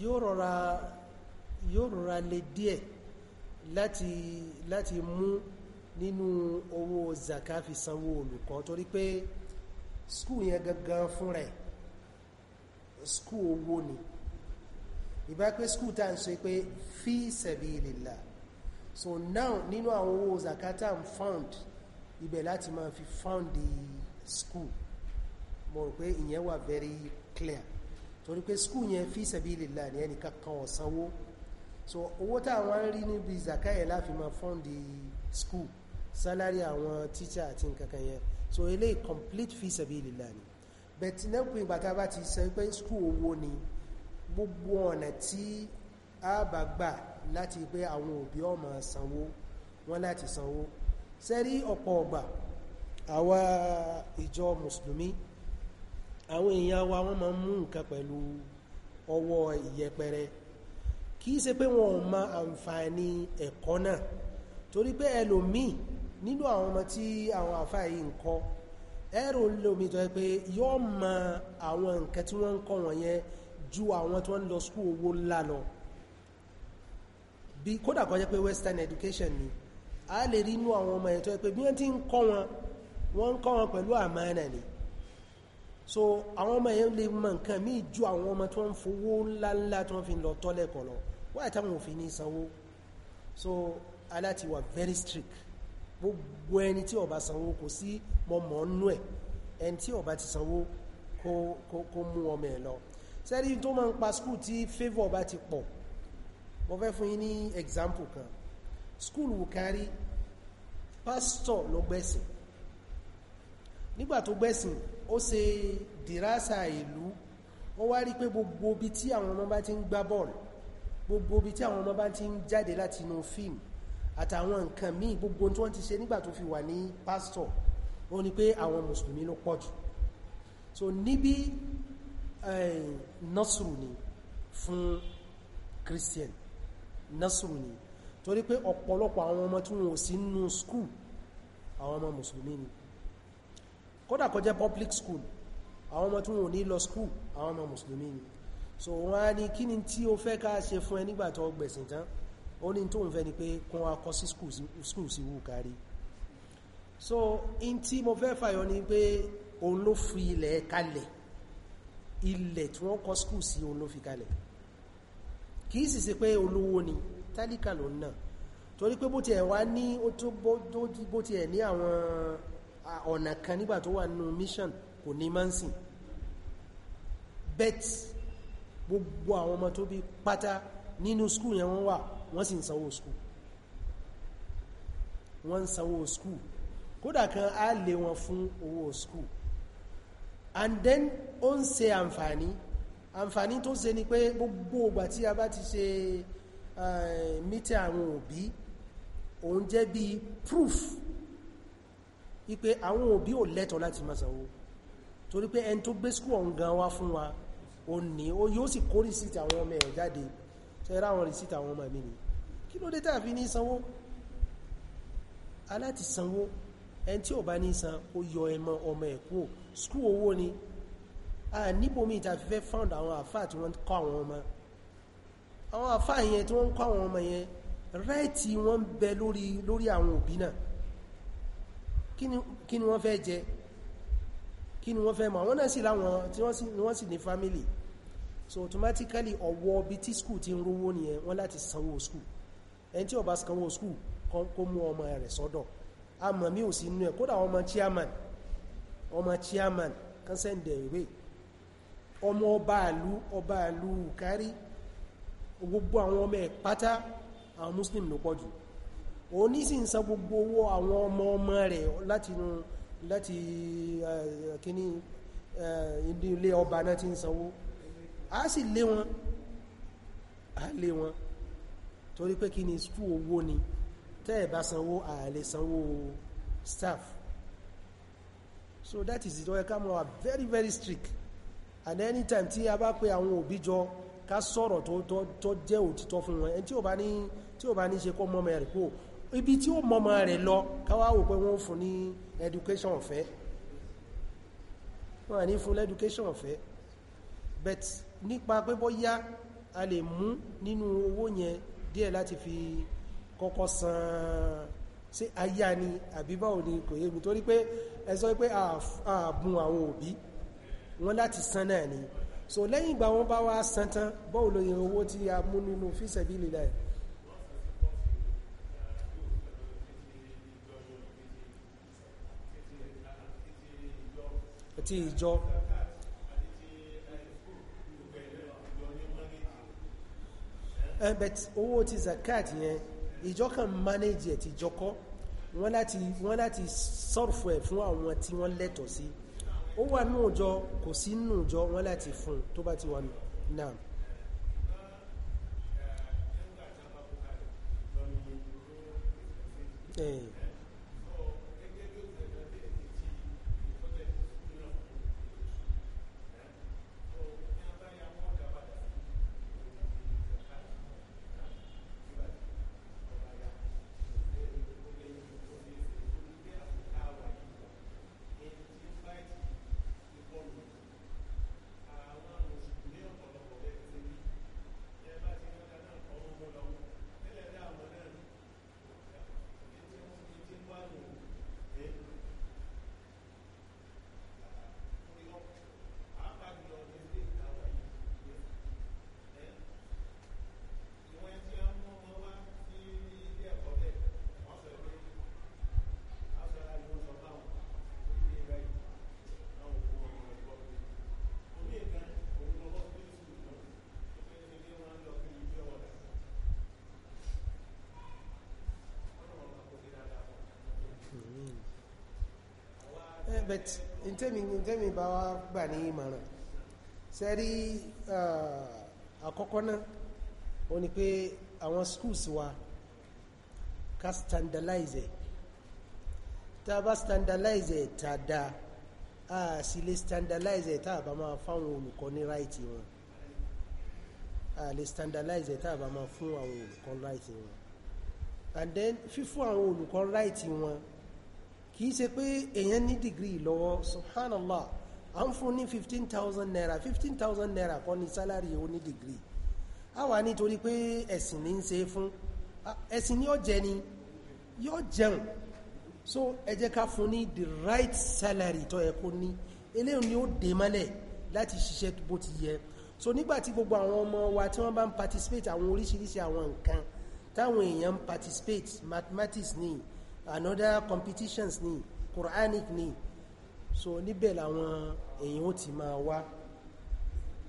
yóò rọra yóò rọra lè díẹ̀ láti láti mú nínú owó zaka fi sanwó olùkọ́ torí pé skúù yẹn gangan fún rẹ̀ skúù owó ni ìbá pé skúù tá ń sọ pé fi sabilillah so now nínú àwọn owó zakata and fund ibẹ̀ láti máa fi fund the skúù mo rò pé ìyẹn wà very clear torí pé skúù yẹn fi sabilillah ní ẹnìkan kan ọ̀sánwó so owó táwọn ń rí níbi zakaya láfi máa fọ́ǹdì school salary àwọn teacher àti nǹkan kan yẹn so eléyìí complete fi sabilillah ni but lẹ́kùn ìgbà tá a bá ti sọ pé school owó ni gbogbo ọ̀nà tí a bá gbà láti pé àwọn òbí ọmọ sanwó wọn láti sanwó sẹ́rí ọ̀pọ̀ ọgbà àwa ìjọ mùsùlùmí àwọn èèyàn wa wọ́n máa ń mú nǹkan pẹ̀lú ọwọ́ ìyẹpẹrẹ kìí ṣe pé wọn ò mọ àǹfààní ẹ̀kọ́ náà torí pé ẹlòmíì nínú àwọn ọmọ tí àwọn àfáà yìí ń kọ́ ẹ̀rọ lómi tó yẹ pé yóò mọ àwọn nǹkan tí wọ́n ń kọ́ wọn yẹn ju àwọn tí wọ́n ń lọ skúl owó ńlá lọ bí kódà kó jẹ́ pé western education ni a lè rí inú àwọn ọmọ ẹ̀tọ́ pé bí wọ́n ti ń kọ́ wọn wọ́n ń kọ́ wọn pẹ̀lú àmánà ni so àwọn ọmọ yẹn lè mọ nǹkan míì ju àwọn ọmọ tí wọ́n ń fowó ńláńlá tí wọ́n fi lọ tọ́lẹ̀kọ̀ lọ Why táwọn òfin ní sanwó so aláti wà very strict gbogbo ẹni tí ó bá sanwó kò sí mọ́mọ́ nú ẹ̀ ẹni tí ó bá ti sanwó kó mú ọmọ ẹ̀ lọ sẹ́rí tó máa ń pa skúl tí favour bá ti pọ̀ mo fẹ́ fún yín ní example kan skúl Wùkárí pásítọ̀ ló gbẹ̀sìn nígbà tó gbẹ̀sìn ó ṣe dìrásà ìlú ó wá rí pé gbogbo ibi tí àwọn ọmọ bá ti ń gbá bọ́ọ̀lù gbogbo ibi tí àwọn ọmọ bá ti ń jáde láti inú fíìmù àtàwọn nǹkan míì gbogbo tí wọ́n ti ṣe nígbà tó fi wà ní pásítọ̀ ó ní pé àwọn mùsùlùmí ló pọ̀ jù so níbi nọ́sùrù ni fún christian nọ́sùrù ni torí pé ọ̀pọ̀lọpọ̀ àwọn ọmọ tí wọ́n sí nínú skúl àwọn ọmọ mùsùlùmí ni kódà kó public school àwọn ọmọ tí wọ́n ní lọ skúl àwọn ọmọ mùsùlùmí ni so wọ́n á ní kí ni tí o fẹ́ ká ṣe fún ẹ nígbà tó gbẹ̀sìn tán ó ní tó ń fẹ́ ni pé kún wa kọ sí skul sí wú kárí so in tí mo fẹ́ fàyọ ni pé òun ló fi ilẹ̀ kalẹ̀ ilẹ̀ tí wọ́n kọ skul sí òun ló fi kalẹ̀ kìí sì sí pé olówó ni tálíkà ló ń náà torí pé bó ti ẹ̀ wá ní bó ti ẹ̀ ní àwọn ọ̀nà kan nígbà tó wà nínú mission kò ní máa bet gbogbo àwọn ọmọ tó bí pátá nínú skúù yẹn wọ́n wà wọ́n sì ń sanwó skúù wọ́n ń sanwó skúù kódà kan á lè wọn fún owó skúù and then ó ń ṣe àǹfààní àǹfààní tó ṣe ni pé gbogbo ìgbà tí a bá ti ṣe eh, mítẹ̀ àwọn òbí òun jẹ́ bí proof wípé àwọn òbí ò lẹ́tọ̀ọ́ láti máa sanwó torí pé ẹni tó gbé skúù ọ̀hún gan wá fún wa ó ní ó yóò sì kó rìsíìtì àwọn ọmọ ẹ̀ jáde ṣe rá àwọn rìsíìtì àwọn ọmọ mi ni kí ló dé tá fi ní sanwó aláti sanwó ẹni tí ò bá ní san ó yọ ẹmọ ọmọ ẹ̀ kúrò skúù owó ni a níbòmí ìta fífẹ́ found àwọn àfáà tí wọ́n kọ́ àwọn ọmọ àwọn àfáà yẹn tí wọ́n kọ́ àwọn ọmọ yẹn rẹ́ẹ̀tì wọ́n bẹ lórí lórí àwọn òbí náà kí ni wọ́n fẹ́ jẹ kí ni wọ́n fẹ́ mọ̀ àwọn náà sì láwọn tí wọ́n sì ní family so automatically ọwọ́ bí tí skul ti ń rówó nìyẹn wọ́n láti sanwó skul ẹni tí ó bá sanwó skul kó mú ọmọ rẹ̀ sọ́dọ̀ àmọ́ mi ò sí inú ẹ̀ kódà ọmọ chairman ọmọ chairman kan sẹ́ndẹ̀ ìwé ọmọ ọba àlú ọba àlú kárí gbogbo àwọn ọmọ ẹ̀ pátá àwọn muslim ló pọ̀jù òní sì ń san gbogbo owó àwọn ọmọ ọmọ rẹ̀ láti láti eh, kíní eh, ilé ọba náà ti ń sanwó a sì lé wọn a lé wọn torí pé kí ni skúù owó ni tẹ́ bá sanwó ààlè sanwó staff so that is it ọ̀yẹ́ ká mọ́ very very strict and anytime tí a bá pé àwọn òbí jọ ká sọ̀rọ̀ tó jẹ́ òtítọ́ fún wọn ẹni tí ò bá ní ṣe kọ́ mọ́mọ́ rẹ̀ kó ibi tí ó mọ́mọ́ rẹ̀ lọ káwá wò pé wọ́n fún ní education ọ̀fẹ́ wọ́n ní fún education ọ̀fẹ́ bet nípa pé bóyá a lè mú nínú owó yẹn díẹ̀ láti fi kọ́kọ́ san ṣé aya ni àbí báwo ni kò yé mi torí pé ẹ pé ààbùn àwọn òbí wọn láti san náà ni so lẹ́yìn ìgbà wọn bá wá san tán báwo ló yẹ owó tí a mú nínú fi sabilillah ti ìjọ Eh, but owó ti zakat yẹn ìjọ kan manage ẹ̀ ti jọkọ́ wọ́n láti wọ́n láti sọ́rùfù ẹ̀ fún àwọn tí wọ́n lẹ́tọ̀ sí ó wà ní òjò kò sí nínú òjò wọ́n láti fún tó bá ti wà náà Hey. Eh. but in ntẹ́mi bá wa gbà ní ìmọ̀ràn sẹ́rí àkọ́kọ́ náà ó ní pé àwọn schools wa ká standardize ẹ̀ tá a bá standardize ẹ̀ tá a dáa a sì lè standardize ẹ̀ tá a bá máa fáwọn olùkọ́ ní right wọn a lè standardize ẹ̀ tá a bá máa fún right wọn and then fifu àwọn olùkọ́ right wọn kìí ṣe pé èèyàn ní dìgírì lọ́wọ́ subhanallah à ń fún ní fifteen thousand naira fifteen thousand naira kọ́ ni sálárì oní dìgírì a wà nítorí pé ẹ̀sìn ní ń ṣe fún ẹ̀sìn ní ọ̀jẹ̀ ni yóò jẹun so ẹ jẹ́ ká fún ní the right salary tó yẹ kó ní eléyìí ni ó dé mọ́lẹ̀ láti ṣiṣẹ́ bó ti yẹ so nígbàtí gbogbo àwọn ọmọ wa tí wọ́n bá ń participate àwọn oríṣiríṣi àwọn nǹkan táwọn èèyàn ń participate mathematics ni another competitions ni Quranic ni so níbẹ̀ làwọn èèyàn ó ti máa wá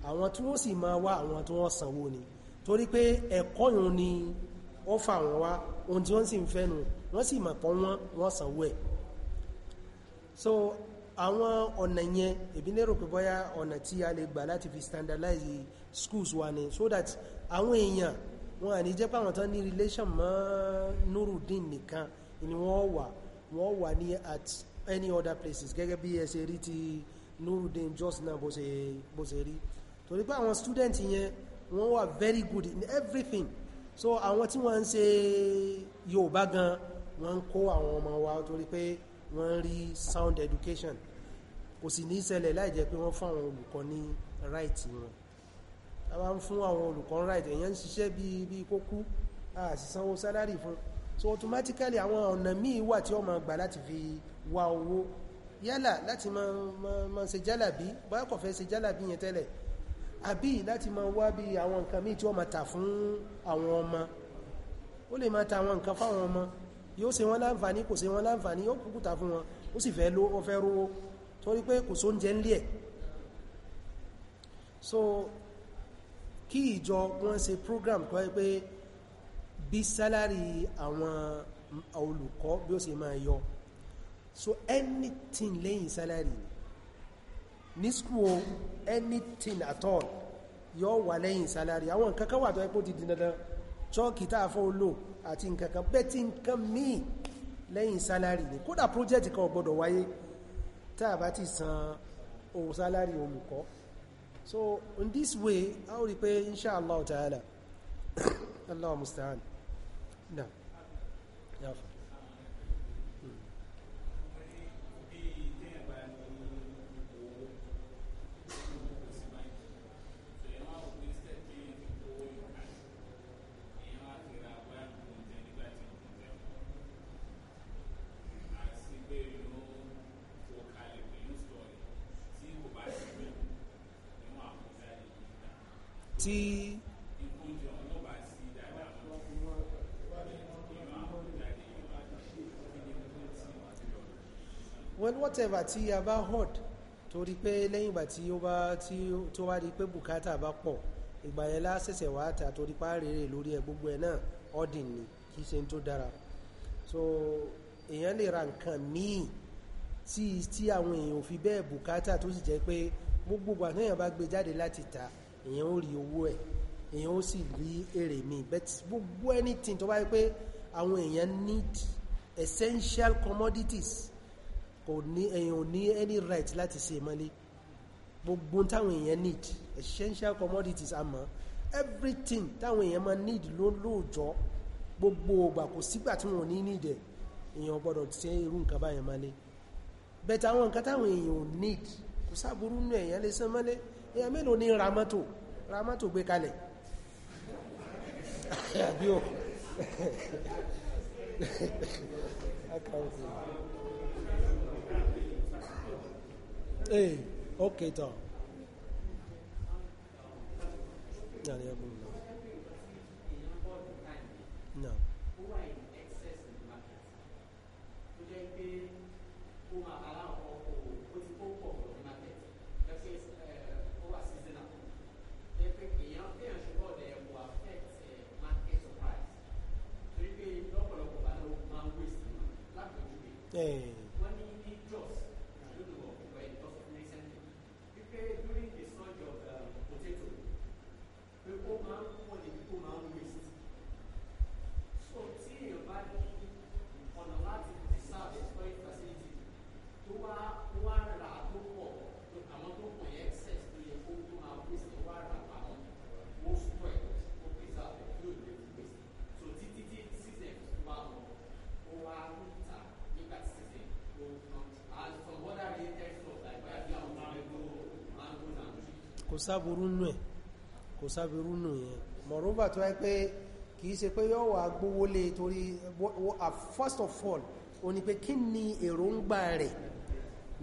àwọn tí wọ́n sì máa wá àwọn tí wọ́n sanwó ni torí pé ẹ̀kọ́ yìí ni ó fà wọ́n wá ohun tí wọ́n sì ń fẹ́nu wọ́n sì mọ̀ pọ̀ wọ́n wọ́n sanwó ẹ̀ so àwọn ọ̀nà yẹn èbí lérò pé bóyá ọ̀nà tí a lè gbà láti fi standardize schools wa ni so that àwọn èèyàn wọn à ní jẹ́ pàwọn tán ní relation mọ́ Nurudeen nìkan ni wọ́n wà wọ́n wà ní at any other places gẹ́gẹ́ bí ẹ ṣe rí ti Nurudeen just náà bó ṣe bó ṣe rí torí pé àwọn student yẹn wọ́n wà very good in everything so àwọn tí wọ́n ń ṣe Yorùbá gan wọ́n ń kó àwọn ọmọ wa torí pé wọ́n rí sound education kò sì ní ṣẹlẹ̀ láì jẹ́ pé wọ́n fún àwọn olùkọ́ ní right wọn a máa ń fún àwọn olùkọ́ right èèyàn ń ṣiṣẹ́ bíi bíi kókú a sì sanwó sálárì fún un so automatically àwọn ọ̀nà míì wà tí ó máa gbà láti fi wá owó yálà láti máa ṣe jálàbí bóyá kò fẹ́ ṣe jálàbí yẹn tẹ́lẹ̀ àbí láti máa wá bí àwọn nǹkan míì tí ó máa tà fún àwọn ọmọ ó lè máa ta àwọn nǹkan fáwọn ọmọ yóò ṣe wọ́n láǹfààní kò ṣe wọ́n láǹfààní yóò kúkú ta fún wọn ó sì fẹ́ lówó fẹ́ rówó torí pé kò sóúnjẹ ń lé ẹ̀ so kí ìjọ wọ́n ṣe program kọ́ pé bí sálárì àwọn olùkọ́ bí ó ṣe máa yọ so anything lẹ́yìn sálárì ní school anything at all yọ wà lẹ́yìn sálárì àwọn nǹkan kan wà tó ẹpò ti di dandan chọ́ọ̀kì tàà fọ́ olò àti nǹkan kan bẹ́ẹ̀ tí nǹkan míì lẹ́yìn sálárì ní kódà project kan gbọ́dọ̀ wáyé tàà bá ti san owó sálárì olùkọ́ so in this way a ó rí pé inshallah ta'ala allah musta'an نعم يعفو tí well whatever tí a bá hot torí pé lẹ́yìn ìgbà tí ó bá tí ó bá di pé bùkátà bá pọ̀ ìgbà yẹn lásẹ̀sẹ̀ wá ta torí pa rèrè lórí ẹ̀ gbogbo ẹ̀ náà ọ̀dìn ni kì í ṣe tó dára so èèyàn lè ra nǹkan míì tí tí àwọn èèyàn ò fi bẹ́ẹ̀ bùkátà tó sì jẹ́ pé gbogbo ìgbà téèyàn bá gbé jáde láti ta èèyàn ó rí owó ẹ̀ èèyàn ó sì rí èrè míì but gbogbo anything to bá yẹ pé àwọn èèyàn need essential commodities kò ní èyàn ò ní any right láti ṣe mọ́lé gbogbo táwọn èèyàn need essential commodities àmọ́ everything táwọn èèyàn máa need ló lóòjọ́ gbogbo ògbà kò sígbà tí wọn ò ní need ẹ̀ èèyàn gbọ́dọ̀ ṣe irú nǹkan báyẹn mọ́lé bẹ̀tẹ̀ àwọn nǹkan táwọn èèyàn ò need kò sáburú nù èèyàn lè san mọ́lé èèyàn mélòó ní ra mọ́tò ra mọ́tò gbé kalẹ̀ àbí ò eh okay to yani yabu no no Hey. Eh. kò sáburú nù ẹ̀ kò sáburú nù yẹn mọ̀rúbà tó wáyé pé kìí ṣe pé yóò wà gbówó lé e torí first of all o ní pé kí ni èròǹgbà rẹ̀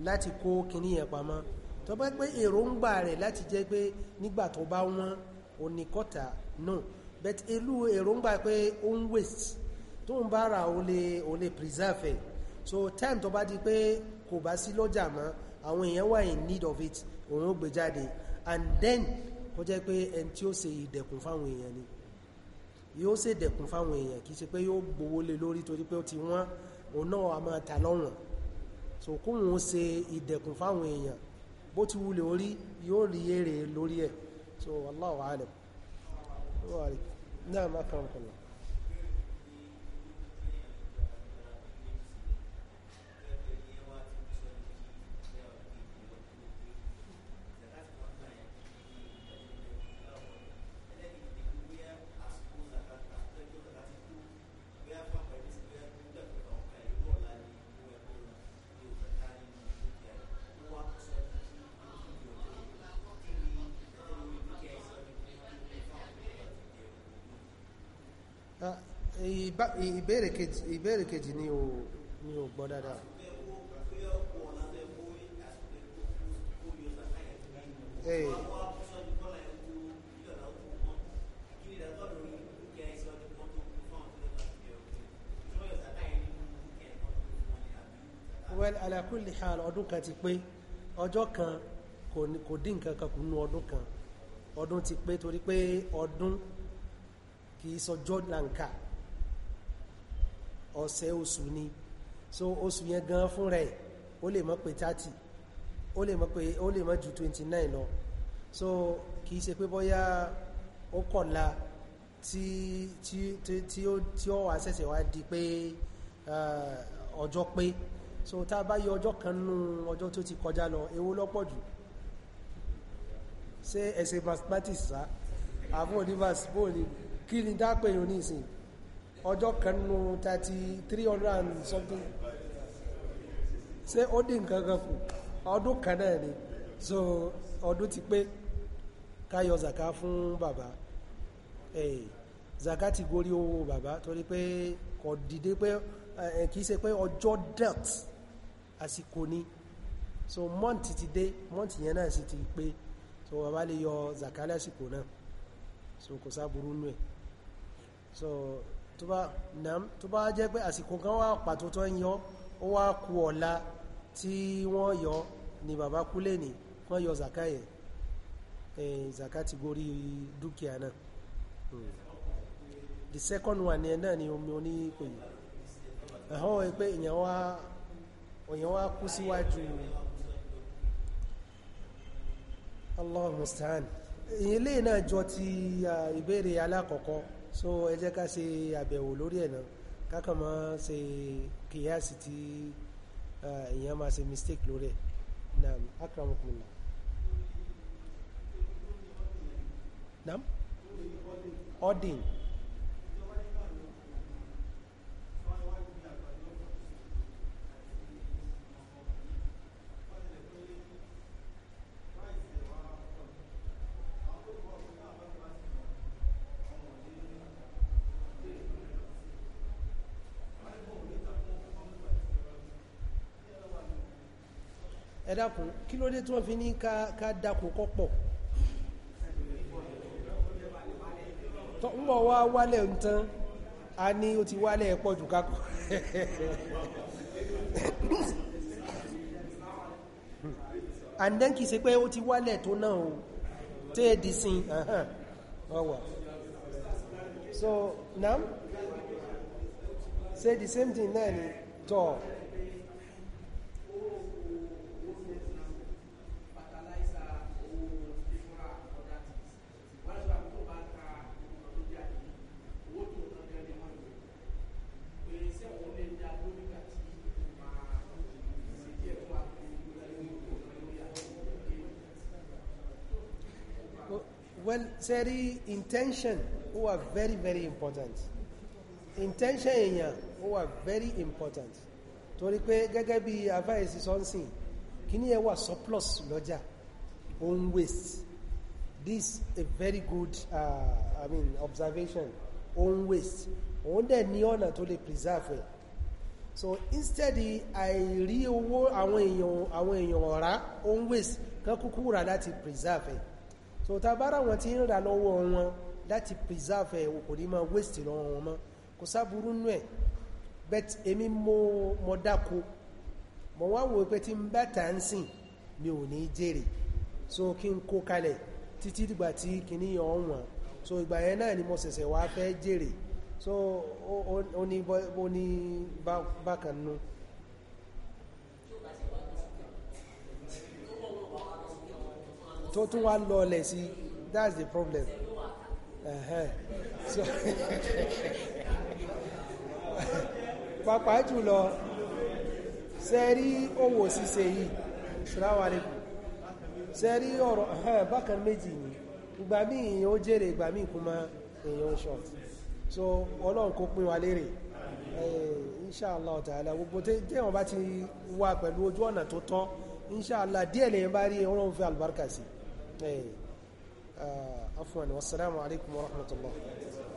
láti kó kíní yẹn pamọ́ tó bá pé èròǹgbà rẹ̀ láti jẹ́ pé nígbà tó bá wọ́n o ní kọ́ta no but ìlú èròǹgbà pé ó ń waste tó ń bá ra o lè o lè preserve ẹ̀ so time tó bá di pé kò bá sí lọ́jà mọ́ àwọn èèyàn wà in need of it òun ó gbé jáde and then kó jẹ́ pé ẹni tí ó ṣe ìdẹ̀kùn fáwọn èèyàn ni yóò ṣe dẹ̀kùn fáwọn èèyàn kìí ṣe pé yóò gbowó lé lórí torí pé ó ti wọ́n òun náà a máa ta lọ́rùn so kóhun ó ṣe ìdẹ̀kùn fáwọn èèyàn bó ti wulẹ̀ orí yóò rí èrè lórí ẹ̀ so wallahu alam náà má kàn kàn lọ ìbéèrè kejì ni ò ní o gbọ́ dáadáa ee well ala kulli hal ọdún kan ti pé ọjọ́ kan kò dín nǹkan kan kù nú ọdún kan ọdún ti pé torí pé ọdún kìí sọjọ́ lànkà ọ̀sẹ̀ oṣù ni so oṣù yẹn gan fún rẹ̀ ó lè mọ́ pé 30 ó lè mọ́ pé ju 29 lọ so kìí ṣe pé bóyá ó kọ̀la tí tí tí ó tí ó wà ṣẹ̀ṣẹ̀ wá di pé ọjọ́ pé so tá a bá yọ ọjọ́ kan nú ọjọ́ tó ti kọjá lọ èwo lọ́pọ̀ jù ṣé ẹ̀sẹ̀ mathematics sá àbúrò ní bá sí bóò ní kí ni dápẹ̀ yóò ní ìsìn ọjọ́ kanú 300 and something ṣé ó dín kankan kù ọdún kan náà ni so ọdún ti pé káyọ zaka fún bàbá eh zaka ti gorí owó bàbá torí pé kò dìde pé kìí ṣe pé ọjọ́ dealt àsìkò ni so month ti dé month yẹn náà sì ti pé so bàbá lè yọ zaka lásìkò náà so kò sáburú nù ẹ̀ so tó bá nam tó bá jẹ́ pé àsìkò kan wà pàtó tó ń yọ ó wá ku ọ̀la tí wọ́n yọ ni bàbá kú lè ní wọ́n yọ zaka yẹn zaka ti gorí dúkìá náà hmm. the second one yẹn náà ni omi onípèyí ẹ̀họ́ ẹ pé èèyàn wá èèyàn wá kú síwájú Allahu musta'an èyí náà jọ ti ìbéèrè alákọ̀ọ́kọ́ so ẹ jẹ́ ká ṣe àbẹ̀wò lórí ẹ̀ náà kákan máa ṣe kíyàsí tí èèyàn máa ṣe mistake lórí ẹ̀ naam akramakumullah naam ordin. ẹ kí ló dé tí wọ́n fi ní ká dákun kọ́pọ̀ tó ń bọ̀ wá wálẹ̀ ń tán a ní ó ti wálẹ̀ pọ̀ jù kákọ̀ and then ṣe pé ó ti wálẹ̀ tó náà o tẹ́ẹ̀dì sin ọwà so now say the same thing náà ni tọ́ sẹ́rí intention ó wà very very important intention èèyàn ó wà very important torí pé gẹ́gẹ́ bí advice sọ́nsìn kí ní ẹ wà surplus lọ́jà own waste this a very good uh, I mean observation own waste òun dẹ̀ ní ọ̀nà tó lè preserve ẹ̀ so instead àìrí owó àwọn èèyàn àwọn èèyàn ọ̀rá own waste kan kúkú rà láti preserve ẹ̀ so ta bára wọn ti ń rà lọ́wọ́ wọn láti preserve ẹ̀ kò ní máa waste lọ́wọ́ wọn mọ́ kò sáburú nú ẹ̀ bet èmi mo mọ dáko mọ̀ wá wò pé tí ń bá tà ń sìn mi ò ní jèrè so kí n kó kalẹ̀ títí dìgbà tí kìíní yọ wọn so ìgbà yẹn náà ni mo ṣẹ̀ṣẹ̀ wá fẹ́ jèrè so ó ní bákan nú no. tó tún wá lọlẹ̀ sí that's the problem uh-huh. so pàápàá jùlọ sẹ́rí owó ṣíṣe yìí ṣùláwàlẹ́kù sẹ́rí ọ̀rọ̀ bákan méjì ni ìgbà mí èèyàn ó jèrè ìgbà mí kúmá èèyàn short so ọlọ́run kó pín wa lérè inṣàlá ta'ala gbogbo tẹ́wọ̀n bá ti wà pẹ̀lú ojú ọ̀nà tó tọ́ inṣàlá díẹ̀ lèyàn bá rí ọlọ́run fi àlùbáríkà sí ايه آه، عفوا والسلام عليكم ورحمة الله